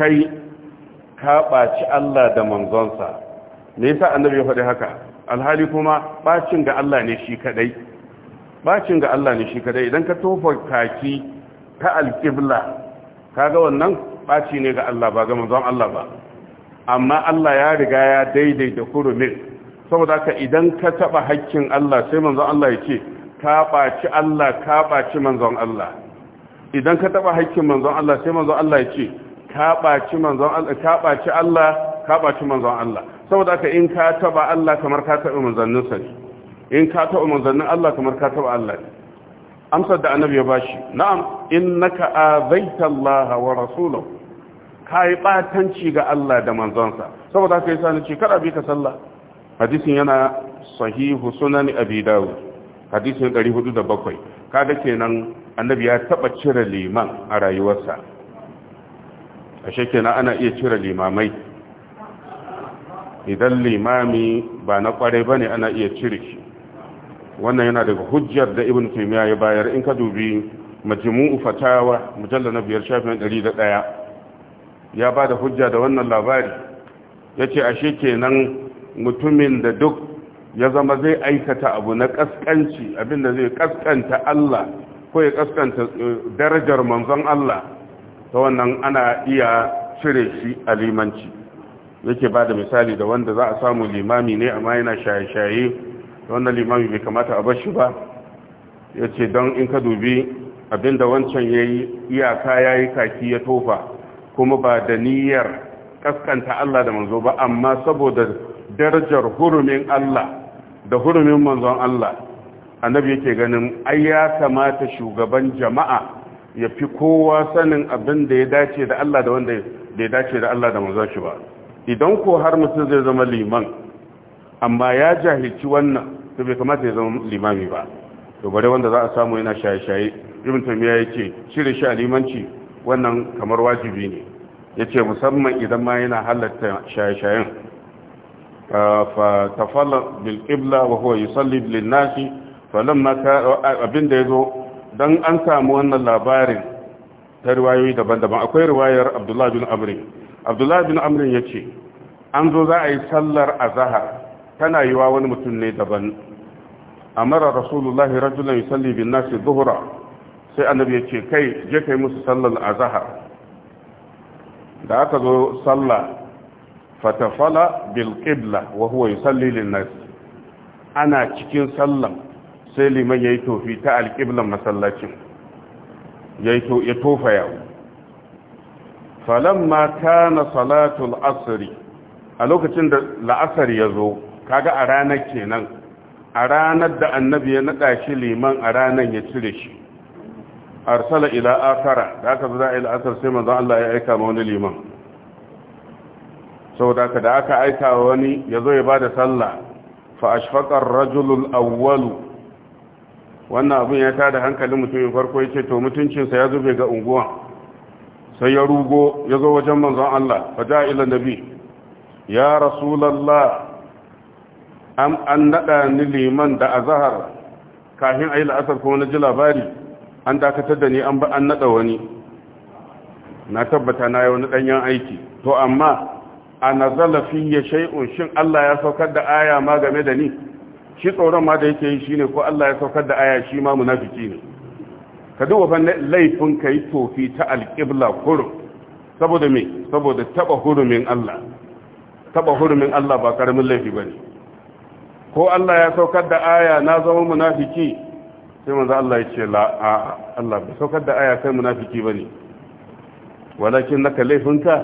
kai ka ɓaci Allah da manzonsa me yasa annabi ya faɗi haka alhali kuma bacin ga Allah ne shi kadai bacin ga Allah ne shi kadai idan ka tofa kaki ta alƙibla kaga wannan ɓaci ne ga Allah ba ga manzon Allah ba amma Allah ya riga ya daidaita hurumin saboda haka idan ka taba haƙƙin Allah sai manzon Allah ya ce ka ɓaci Allah ka ɓaci manzon Allah idan ka taba haƙƙin manzon Allah sai manzon Allah ya ce ka ɓaci manzon Allah ka ɓaci Allah ka ɓaci manzon Allah saboda haka in ka taba Allah kamar ka taba manzannin sa ne in ka taba manzannin Allah kamar ka taba Allah ne amsar da annabi ya bashi na'am innaka azaita Allah wa rasuluhu kai batanci ga Allah da manzonsa saboda haka yasa ce kada bi ka sallah hadisin yana sahihu sunan abi dawud hadisin 407 kaga kenan annabi ya taba cire liman a rayuwarsa ashe kenan ana iya cire limamai idan limami ba na kware bane ana iya cire shi wannan yana daga hujjar da ibn taymiya ya bayar in ka dubi majmu'u fatawa mujallar na biyar shafin 101 ya bada hujja da wannan labari yace ashe kenan mutumin da duk ya zama zai aikata abu na kaskanci abinda zai kaskanta Allah ko ya kaskanta eh, darajar manzon Allah ta wannan ana iya cire shi a limanci yake bada misali da wanda za a samu limami ne amma yana shaye-shaye wannan limami bai kamata a bashi ba ya ce don in ka dubi abinda wancan ya yi iyaka ya yi kaki ya tofa kuma ba da niyyar kaskanta Allah da manzo ba amma saboda darajar hurumin Allah da hurumin manzon Allah annabi yake ganin ai ya kamata shugaban jama'a ya fi kowa sanin abin da ya dace da Allah da wanda ya dace da Allah da manzon shi ba idan ko har mutum zai zama liman amma ya jahilci wannan to bai kamata ya zama limami ba to bare wanda za a samu yana shaye-shaye ibn tamiya ya ce shirin shi limanci wannan kamar wajibi ne ya ce musamman idan ma yana halatta shaye-shayen fa tafalla bil qibla wa huwa yusalli lin nasi falamma ka abinda yazo dan an samu wannan labarin ta riwayoyi daban-daban akwai riwayar Abdullahi bin Amr Abdullahi bin Amr yace an zo za a yi sallar azhar tana yiwa wani mutum ne daban amara rasulullahi rajulan yusalli bin nasi zuhura sai annabi ya ce kai je kai musu sallar azhar da aka zo sallah fatafala bil qibla wa huwa yusalli lin nas ana cikin sallan sai liman yayi tofi ta alqiblan masallacin yayi to ya tofa yawo falamma kana salatul asri a lokacin da la'asar ya zo kaga a ranar kenan a ranar da annabi ya naɗa shi liman a ranar ya cire shi arsala ila akara da aka da ila asar sai manzo Allah ya aika ma wani liman saboda ka da aka aika wani ya zo ya bada sallah fa ashfaqar al-awwal wannan abin ya tada hankalin mutumin farko ya ce to mutuncinsa ya zube ga unguwa sai ya rugo ya zo wajen manzo Allah faja ila nabi ya rasulullah an naɗa ni liman da azahar kafin ayi la'asar kuma na ji labari an dakatar da ni an ba an naɗa wani na tabbata na yi wani ɗanyen aiki to amma a nazala ya shin Allah ya saukar da aya ma game da ni shi tsoron ma da yake yi shi ko Allah ya saukar da aya shi ma munafiki ne ka duba fa laifin ka yi tofi ta alqibla kurum saboda me saboda taɓa hurumin Allah taɓa hurumin Allah ba karamin laifi bane ko Allah ya saukar da aya na zama munafiki sai manzo Allah ya ce la a Allah bai saukar da aya kai munafiki bane walakin naka laifinka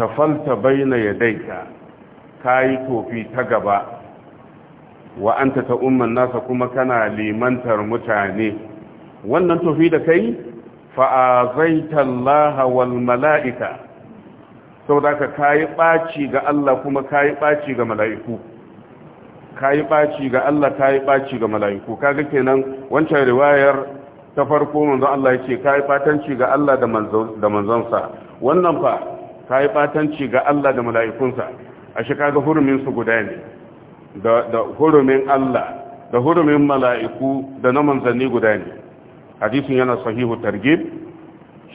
tafalta baina yadayka kayi tofi ta gaba wa anta ta umman nasa kuma kana limantar mutane wannan tofi da kai Fa azaita Allah wal mala'ika saboda ka kayi baci ga Allah kuma kayi baci ga mala'iku kayi baci ga Allah kayi baci ga mala'iku kaga kenan wancan riwayar ta farko manzo Allah yake kayi batanci ga Allah da manzo da manzonsa wannan fa kayi batanci ga Allah da mala'ikunsa ashe kaga hurumin su guda ne da da hurumin Allah da hurumin mala'iku da na manzanni guda ne hadisin yana sahihu targhib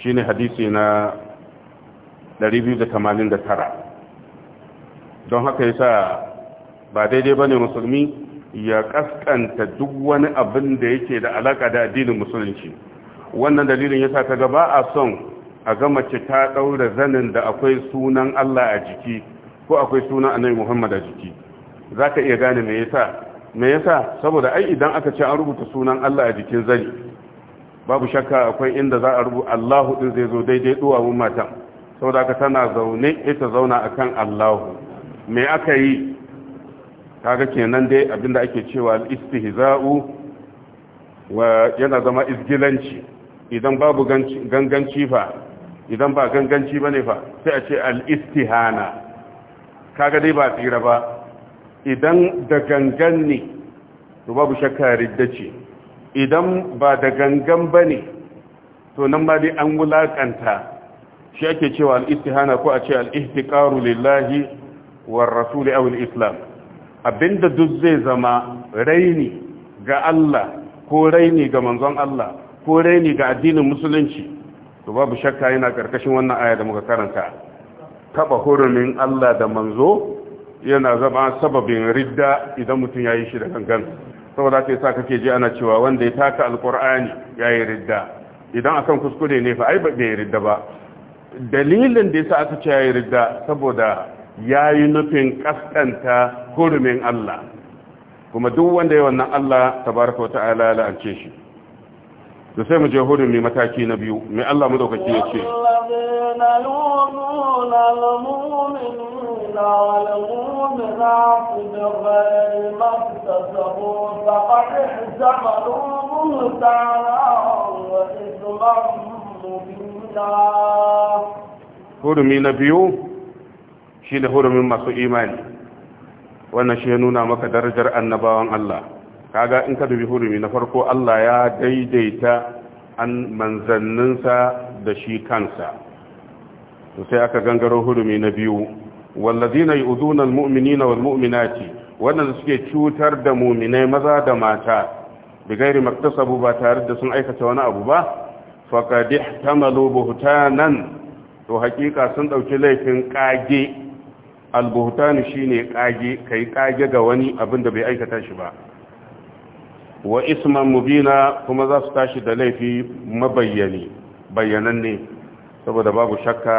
shine hadisi na 289 don haka yasa ba daidai ba ne musulmi ya kaskanta duk wani abin da yake da alaka da addinin musulunci wannan dalilin yasa ta ga ba a son a ga mace ta daura zanin da akwai sunan Allah a jiki ko akwai sunan Annabi Muhammad a jiki Za ka iya gane me yasa me yasa saboda ai idan aka ce an rubuta sunan Allah a jikin zani babu shakka akwai inda za a rubuta Allahu din zai zo daidai duwawun mata saboda ka tana zaune ita zauna akan Allahu me aka yi kaga kenan dai abinda ake cewa istihza'u wa yana zama izgilanci idan babu ganganci fa idan ba ganganci bane fa sai a ce al-istihana kaga dai ba tsira ba idan da gangan ne to babu shakka ridda ce idan ba da gangan bane to nan ba dai an wulakanta shi ake cewa al-istihana ko a ce al-ihtiqaru lillahi war rasuli aw al-islam abinda duk zai zama raini ga Allah ko raini ga manzon Allah ko raini ga addinin musulunci to babu shakka yana karkashin wannan aya da muka karanta taba hurumin Allah da manzo yana zama sababin ridda idan mutum yayi shi da gangan saboda sai sa kake ji ana cewa wanda ya taka alqur'ani yayi ridda idan akan kuskure ne fa ai ba yayi ridda ba dalilin da yasa aka ce yayi ridda saboda ya yi nufin ƙasƙanta hurumin Allah kuma duk wanda yi wannan Allah tabaraka wata'ala la'ance shi da sai mu je hurumi mataki na biyu mai Allah mu daukaki ya ce hurumi na biyu shi ne hurumin masu imani wannan shi ya nuna maka darajar annabawan Allah kaga in ka dubi hurumi na farko Allah ya daidaita an manzanninsa da shi kansa to sai aka gangaro hurumi na biyu wallazina yu'duna almu'minina walmu'minati wannan suke cutar da mu'minai maza da mata bigairi maktasabu ba tare da sun aikata wani abu ba faqad ihtamalu buhutanan to hakika sun ɗauki laifin ƙage albuhtanu shine kage kai kage ga wani abin da bai aikata shi ba wa isman mubina kuma za su tashi da laifi mabayyani bayyananne saboda babu shakka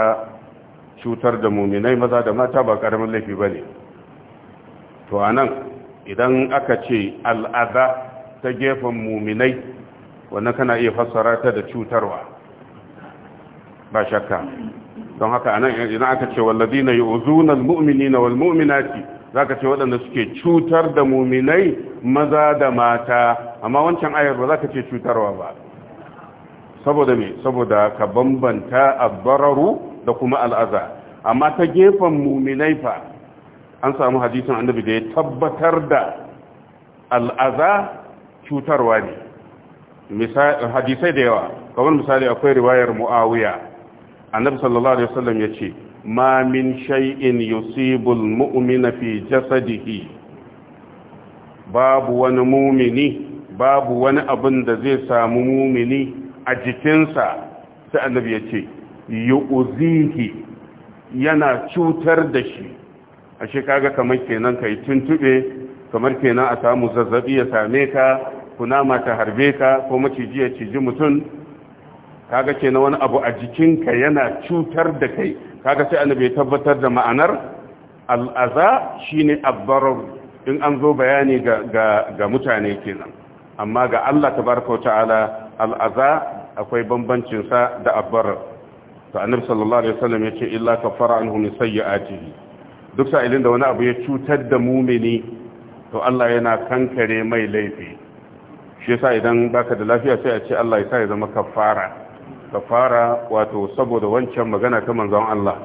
cutar da muminai maza da mata ba karamin laifi bane to anan idan aka ce al'ada ta gefen muminai wannan kana iya fassara ta da cutarwa ba shakka don haka anan idan aka ce walladina na almu'minina walmu'minati zaka ce waɗanda suke cutar da muminai maza da mata amma wancan ayar ba ka ce cutarwa ba saboda ne saboda ka bambanta abbararu da kuma al'aza amma ta gefen muminai fa an samu hadisin annabi da ya tabbatar da al'aza cutarwa ne hadisai da yawa kamar misali akwai riwayar muawiya annabi sallallahu alaihi wasallam ya ce ma min shay'in yusibul mu'mina fi jasadihi babu wani mumini babu wani abin da zai samu mumini a jikinsa sai annabi ya ce yu'zihi yana cutar da shi a shi kaga kamar kenan kai tuntube kamar kenan a samu zazzabi ya same ka kunama ta harbe ka ko maciji ya ciji mutum kaga ke na wani abu a jikinka yana cutar da kai kaga sai annabi tabbatar da ma'anar al'aza shine abbarar in an zo bayani ga mutane kenan amma ga Allah tabaraka ta'ala al'aza akwai bambancin sa da abbarar to annabi sallallahu alaihi wasallam yace illa kafara anhu min sayyi'atihi duk sa'ilin da wani abu ya cutar da mumini to Allah yana kankare mai laifi shi yasa idan baka da lafiya sai a ce Allah ya sa ya zama kafara fara wato saboda wancan magana ta manzon Allah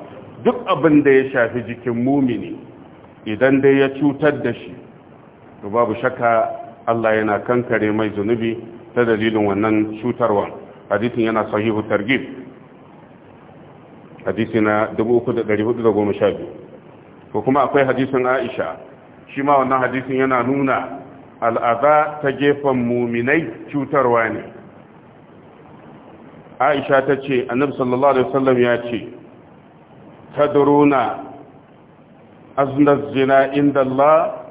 duk abin da ya shafi jikin mumini idan dai ya cutar da shi to babu shakka Allah yana kankare mai zunubi ta dalilin wannan cutarwa hadisin yana sahihu targhib hadisi na 3412 ko kuma akwai hadisin Aisha shi ma wannan hadisin yana nuna al'aza ta gefen muminai cutarwa ne aisha ta ce annabi sallallahu alaihi wasallam ya ce tadruna aznaz zina inda Allah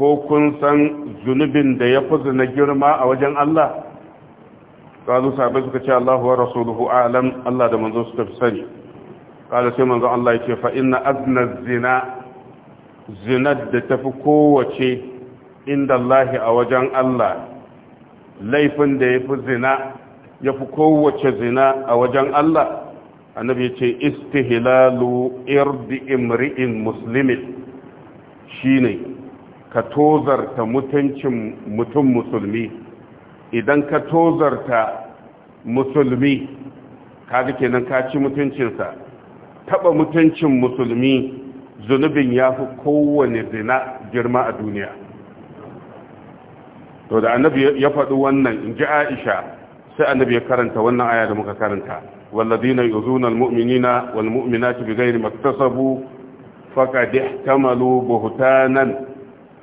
ko kun san zunubin da ya fi zina girma a wajen Allah kazu sabai suka ce Allahu wa rasuluhu alam Allah da manzo su tafi sani kada sai manzo Allah ya ce fa inna aznaz zina zinar da tafi kowace inda Allah a wajen Allah laifin da ya fi zina ya fi kowace zina a wajen Allah annabi ya ce istihilalu irdi imri'in muslimin shine ka tozarta mutuncin mutum musulmi idan ka tozarta musulmi ka kaga kenan ka ci mutuncinsa taɓa mutuncin musulmi zunubin ya fi kowane zina girma a duniya to da annabi ya faɗi wannan in ji aisha sai annabi ya karanta wannan aya da muka karanta walladina yuzuna almu'minina walmu'minati bighairi maktasabu faqad ihtamalu buhtanan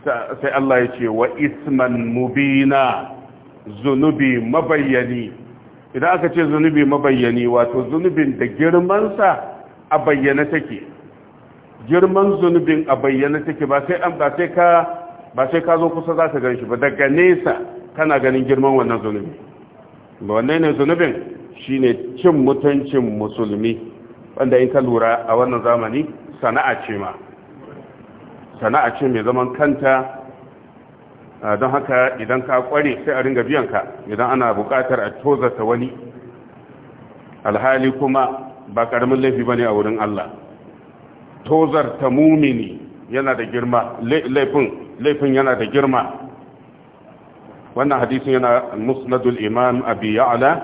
sai Allah ya ce wa isman mubina zunubi mabayyani idan aka ce zunubi mabayyani wato zunubin da girmansa a bayyana take girman zunubin a bayyana take ba sai an ba sai ka ba sai ka zo kusa za ka gan shi ba daga nesa kana ganin girman wannan zunubi wannan ne zunubin shine cin mutuncin musulmi wanda in ka lura a wannan zamani sana'a ce ma sana'a ce mai zaman kanta don haka idan ka kware sai a ringa ka idan ana bukatar a tozata wani alhali kuma ba karamin laifi bane a wurin Allah tozar ta mumini yana da girma laifin yana da girma wannan hadisin yana musnadul imam abi ya'la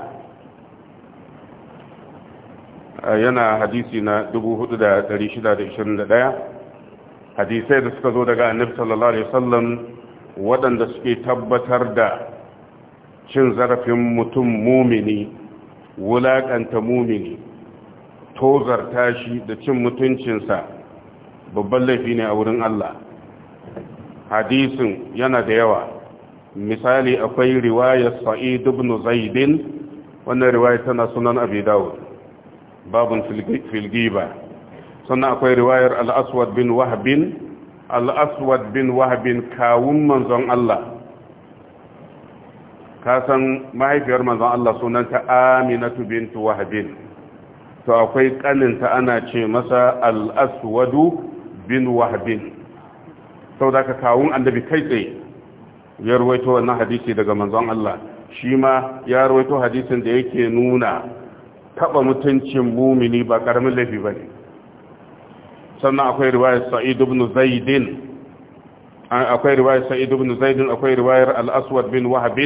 yana hadisi na 4621 hadisai da suka zo daga annabi sallallahu alaihi wasallam waɗanda suke tabbatar da cin zarafin mutum mumini wulaƙanta mumini tozarta shi da cin mutuncinsa babban laifi ne a wurin Allah hadisin yana da yawa misali akwai riwayar sa'id ibn zaidin wannan riwaya tana sunan abi dawud babun filgiba sannan akwai riwayar al-aswad bin wahbin al-aswad bin wahbin kawun manzon Allah ka san mahaifiyar manzon Allah sunanta aminatu bintu wahbin to akwai kaninta ana ce masa al-aswadu bin wahbin sau da ka kawun annabi kai tsaye ya ruwaito wannan hadisi daga manzon Allah shi ma ya ruwaito hadisin da yake nuna taba mutuncin mumini ba karamin laifi bane sannan akwai riwayar Sa'id ibn Zaidin akwai riwayar Sa'id ibn Zaidin akwai riwayar Al-Aswad bin Wahab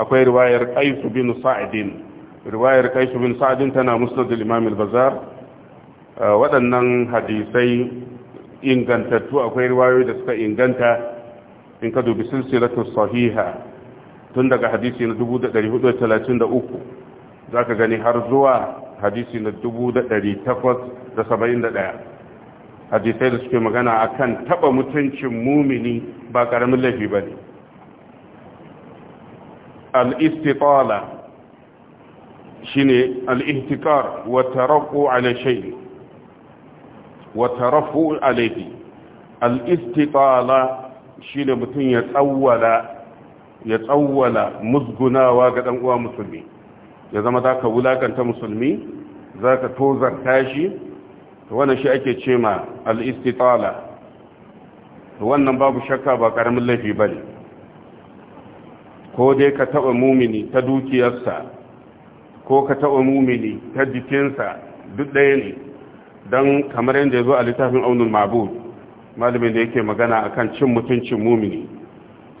akwai riwayar Qais bin Sa'id riwayar Qais bin Sa'idin tana musnad al-Imam al-Bazzar waɗannan hadisai ingantattu akwai riwayoyi da suka inganta in ka dubi silsilatu sahiha tun daga hadisi na 1433 ka gani har zuwa hadisi na 1871 hadisai da suke magana akan taɓa mutuncin mumini ba ƙaramin laifi bane al-istitala shine al-ihtikar wa tarqu ala wata wa tarfu alayhi al-istitala shine mutum ya tsawwala musgunawa ga dan uwa musulmi ya zama ka wulakanta musulmi zaka tozarta shi to wannan shi ake cema al-istitala to wannan babu shakka ba karamin laifi bane ko dai ka taba mumini ta dukiyarsa ko ka taba mumini ta jikinsa duk ɗaya ne don kamar yadda ya zo a littafin aunin mabud malamin da yake magana akan cin mutuncin mumini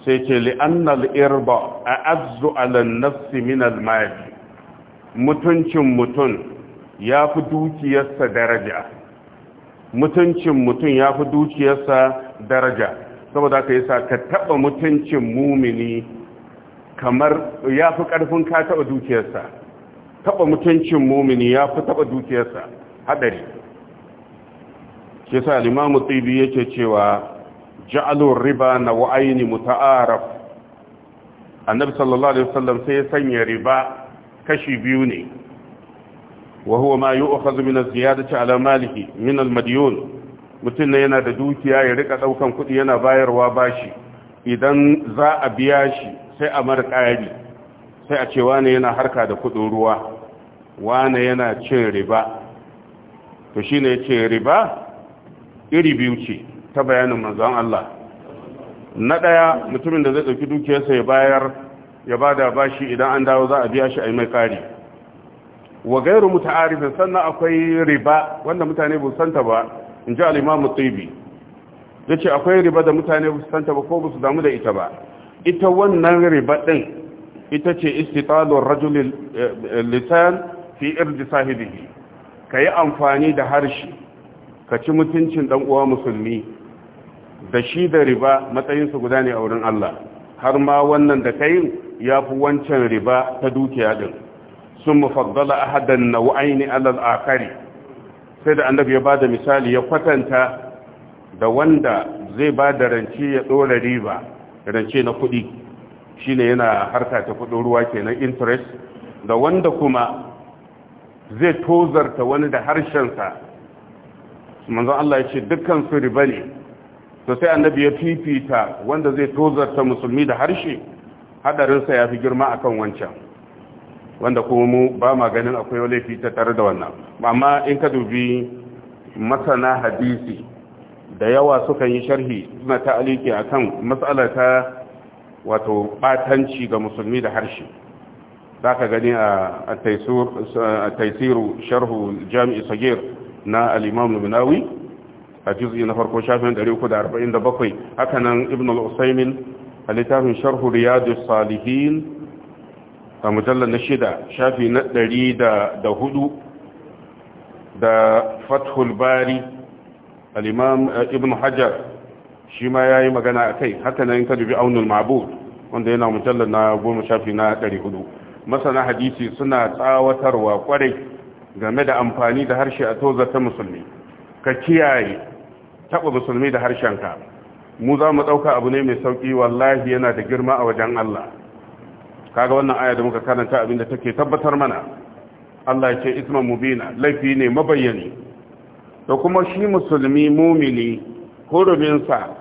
sai ce li'annal irba a abzu alan nafsi min mutuncin mutum ya fi dukiyarsa daraja mutuncin mutum ya fi dukiyarsa daraja saboda ka yi sa ka taɓa mutuncin mumini kamar ya fi ƙarfin ka taɓa dukiyarsa taɓa mutuncin mumini ya fi taɓa dukiyarsa haɗari kisa sa limamu tsibi yake cewa ja'alun riba na wa'aini muta'araf annabi sallallahu alaihi wasallam sai ya sanya riba kashi biyu ne wa huwa ma yu'khadhu min az-ziyadati ala malihi min al-madyun mutum ne yana da dukiya ya rika daukan kudi yana bayarwa bashi idan za a biya shi sai a mar ƙari sai a ce wane yana harka da kudin ruwa wane yana cin riba to shine yace riba iri biyu ce ta bayanin manzon Allah na ɗaya mutumin da zai ɗauki dukiyarsa ya bayar ya ba da bashi idan an dawo za a biya shi a yi mai kari wa gairu muta'arifin sannan akwai riba wanda mutane ba santa ba in ji al'imamu tsibi ya ce akwai riba da mutane ba santa ba ko ba su damu da ita ba ita wannan riba ɗin ita ce istitalon rajulil eh, eh, lisan fi irji sahibihi ka yi amfani da harshe ka ci mutuncin dan uwa musulmi da shi da riba matsayinsu guda ne a wurin Allah har ma wannan da kai ya fi wancan riba ta dukiya din sun a ahadan nau'aini alal akari sai da annabi ya bada misali ya kwatanta da wanda zai ba da rance ya dora riba rance na kuɗi shine yana harka ta kuɗin ruwa kenan interest da wanda kuma zai tozarta wani da harshensa manzon Allah ya ce dukkan su riba ne to sai annabi ya fifita wanda zai tozarta musulmi da harshe hadarinsa ya fi girma akan wancan wanda kuma mu ba ma ganin akwai wale ta tare da wannan amma in ka dubi masana hadisi da yawa suka yi sharhi suna ta'aliki akan matsala ta wato batanci ga musulmi da harshe za ka gani a taisiru sharhu jami'i sagir نا الإمام المناوي الجزء نفر كوشاف من دليل كود أربعين دبقي أكنا ابن العثيمين الكتاب من شرح رياض الصالحين مجلد نشيدا شافي ندري دا دهدو دا فتح الباري الإمام ابن حجر شما ياي مغانا أكي هكذا ينتج بأون المعبود وانده ينا مجلد نا بوم شافي ندري هدو مثلا حديثي سنة تاوتر وقريك game da amfani da harshe a ta musulmi ka kiyaye taba musulmi da harshenka mu za mu ɗauka abu ne mai sauƙi wallahi yana da girma a wajen Allah kaga wannan aya da muka karanta abinda take tabbatar mana Allah ya ce isma mubina laifi ne mabayyani da kuma shi musulmi mumini huruminsa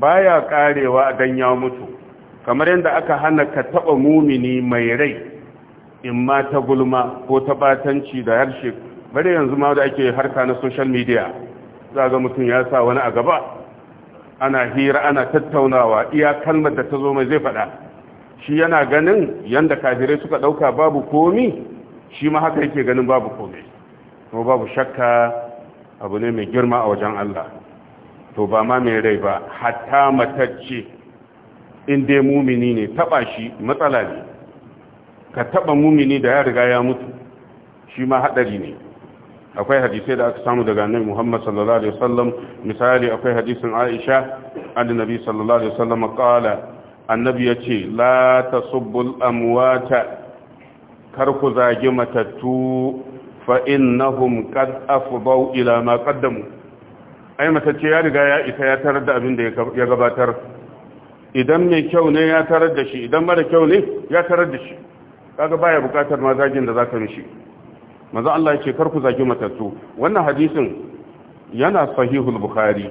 baya karewa dan ya mutu kamar yadda aka hana ka taɓa mumini mai rai in ma ta gulma ko ta batanci da harshe bari yanzu ma da ake harka na social media za ga mutum ya sa wani a gaba ana hira ana tattaunawa iya kalmar da ta zo mai zai faɗa shi yana ganin yanda kafirai suka ɗauka babu komi shi ma haka yake ganin babu komi Ko babu shakka abu ne mai girma a wajen Allah to ba ma mai rai ba hatta matacce in dai mumini ne taɓa shi matsala ne ka taba mumini da ya riga ya mutu shi ma hadari ne akwai hadisai da aka samu daga annabi Muhammad sallallahu alaihi wasallam misali akwai hadisin Aisha annabi sallallahu alaihi wasallam qala annabi yace la tasubbul amwata kar ku zagi matattu fa innahum qad afdau ila ma qaddamu ai matacce ya riga ya isa ya tarar da abin da ya gabatar idan mai kyau ne ya tarar da shi idan mara kyau ne ya tarar da shi kaga baya bukatar ma zagin da zaka mishi manzo Allah yake kar ku zagi matattu wannan hadisin yana sahihul bukhari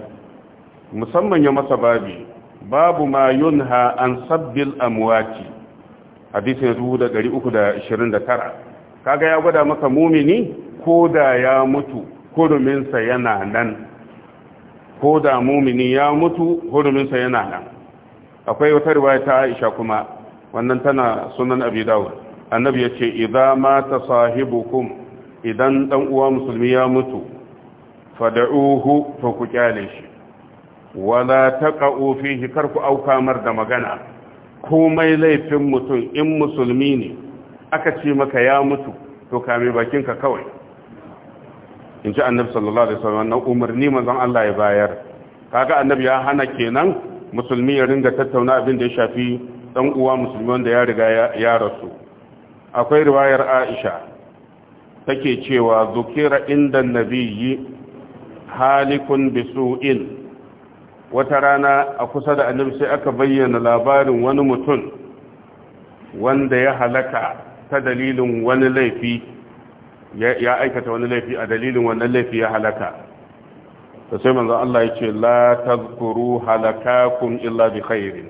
musamman ya masa babi babu ma yunha an sabbil amwati hadisin 329 kaga ya gwada maka mumini ko da ya mutu huruminsa yana nan ko da mumini ya mutu huruminsa yana nan akwai wata riwaya ta Aisha kuma wannan tana sunan Abi Dawud annabi ya ce idan mata sahibukum idan dan uwa musulmi ya mutu fad'uhu to ku kyale shi wala taqa'u fihi kar ku auka da magana komai laifin mutum in musulmi ne aka ce maka ya mutu to ka bakin ka kawai in ji annabi sallallahu alaihi wasallam na umarni manzon Allah ya bayar kaga annabi ya hana kenan musulmi ya ringa tattauna abin da ya shafi dan uwa musulmi wanda ya riga ya rasu akwai riwayar aisha take cewa zukira inda nabiyyi halikun bisu'in wata rana a kusa da annabi sai aka bayyana labarin wani mutum wanda ya halaka ta dalilin wani laifi ya aikata wani laifi a dalilin wannan laifi ya halaka da sai manzon Allah ya ce la tazkuru halakakum illa bi khairin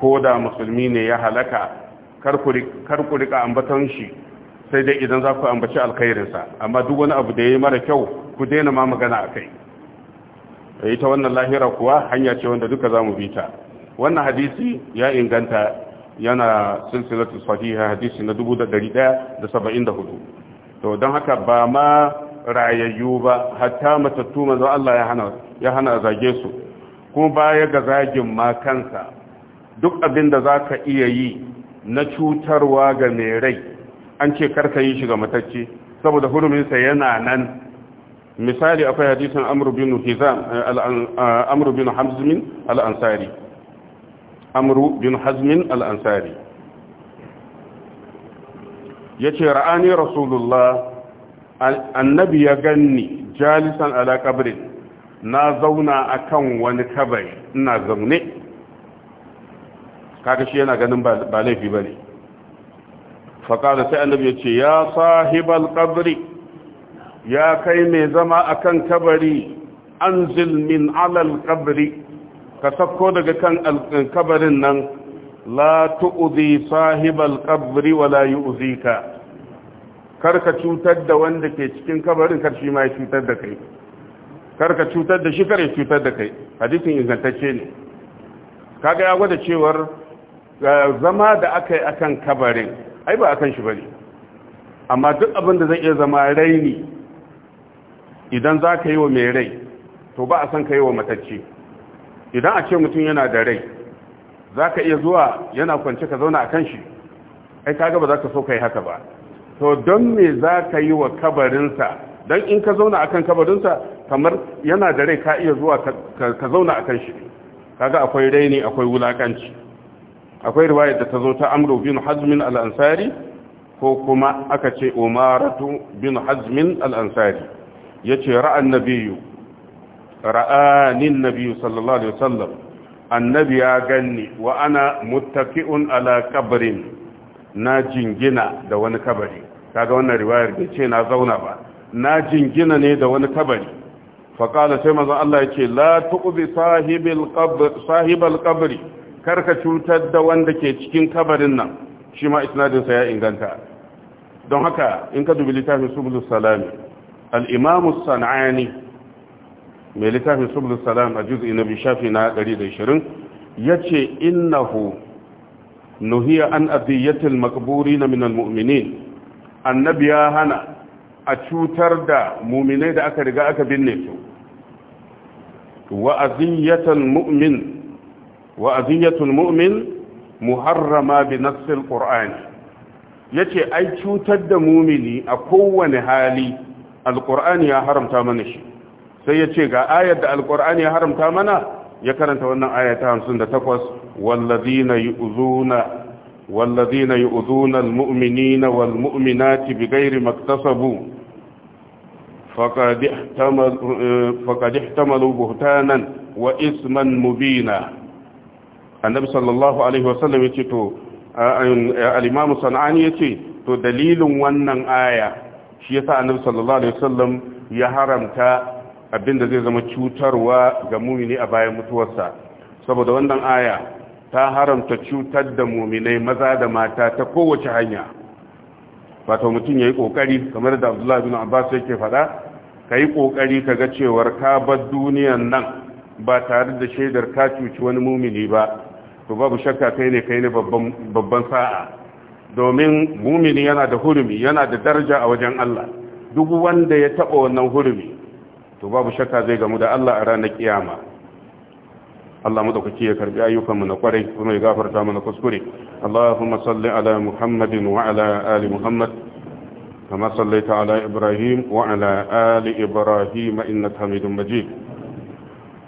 ko da musulmi ne ya halaka kar ku ambaton shi sai dai idan za ku ambaci alkhairinsa amma duk wani abu da ya yi mara kyau ku daina ma magana a kai eh, ta wannan lahira kuwa hanya ce wanda duka za mu bi ta wannan hadisi ya inganta yana silsilatu sahiha hadisi na da 1174 to don haka ba ma rayayyu ba hatta matattu manzo Allah ya hana ya hana zage su kuma baya ga zagin ma kansa duk abin da zaka iya yi na cutarwa ga mai rai an ce karka yi shi ga matacce saboda huruminsa yana nan misali akwai hadisin amru hizam uh, amru bin al hazmin al-ansari yace ra'ani rasulullah annabi ya ganni jalisan ala kabrin na zauna akan wani kabari ina zaune kaga shi yana ganin ba laifi ba ne faƙaɗa sai annabi ya ce ya sahibal ƙabri ya kai mai zama a kan kabari an zilmin alal ƙabri ka sakko daga kan kabarin nan la tu'uzi sahibal ƙabri wala uzi ka karka cutar da wanda ke cikin kabarin kar ma ya cutar da kai karka cutar da shi ya cutar da kai hadisin ingantacce ne kaga ya gwada cewar zama da aka yi akan kabarin ai ba akan shi ne, amma duk abin da zai iya zama raini idan za ka yi wa mai rai to ba a san ka yi wa matacce idan a ce mutum yana da rai za ka iya zuwa yana kwance ka zauna a kan shi ai kaga ba za ka so ka yi haka ba to don me za ka yi wa kabarinsa don in ka zauna a kan kabarinsa kamar yana da rai ka iya zuwa ka zauna a kan shi kaga akwai raini akwai wulakanci akwai riwayar da ta zo ta amru bin hazmin al'ansari ko kuma aka ce umaratu bin hazmin al'ansari. Ya yace ra'an ra'anin nabiyyu sallallahu alaihi wasallam annabi ya ganni wa ana muttaqi'un ala qabrin na jingina da wani kabari kaga wannan riwayar da ce na zauna ba na jingina ne da wani kabari fa sai manzo Allah ce la tuqbi sahibal kabari. karka cutar da wanda ke cikin kabarin nan shi ma isnadinsa ya inganta don haka in ka dubi littafin subulus salami al'imamu sana'ani mai littafin subulus salam a juz'i na bishafi na 120 ya ce innahu nuhiya an adiyyatil makaburi na minal mu'minin annabi ya hana a cutar da muminai da aka riga aka binne su wa aziyyatal mu'min wa aziyatul mu'min muharrama bi nassil Ya ce ai cutar da mumini a kowane hali alqur'ani ya haramta mana shi sai ya ce ga ayar da alqur'ani ya haramta mana ya karanta wannan aya ta 58 wallazina yu'zuna wallazina yu'zuna almu'minina walmu'minati bighairi maktasabu faqad ihtamalu eh, faqad ihtamalu buhtanan wa isman mubina annabi sallallahu alaihi wasallam ce to al sana'ani sanani yace to dalilin wannan aya shi yasa annabi sallallahu alaihi wasallam ya haramta abinda zai zama cutarwa ga mumini a bayan mutuwarsa saboda wannan aya ta haramta cutar da muminai maza da mata ta kowace hanya wato mutum yayi ƙoƙari kamar da Abdullahi bin Abbas yake faɗa ka yi ƙoƙari ka ga cewar ka bar duniyar nan ba tare da shaidar ka cuci wani mumini ba to babu shakka kai ne kai ne babban sa'a domin mumini yana da hurumi yana da daraja a wajen Allah duk wanda ya taɓa wannan hurumi to babu shakka zai gamu da Allah a ranar kiyama Allah madaukaki ya karbi mu na kwarai kuma ya gafarta mana kuskure Allahumma salli ala Muhammadin wa ala ali Muhammad كما صليت Ibrahim إبراهيم وعلى آل إبراهيم إنك حميد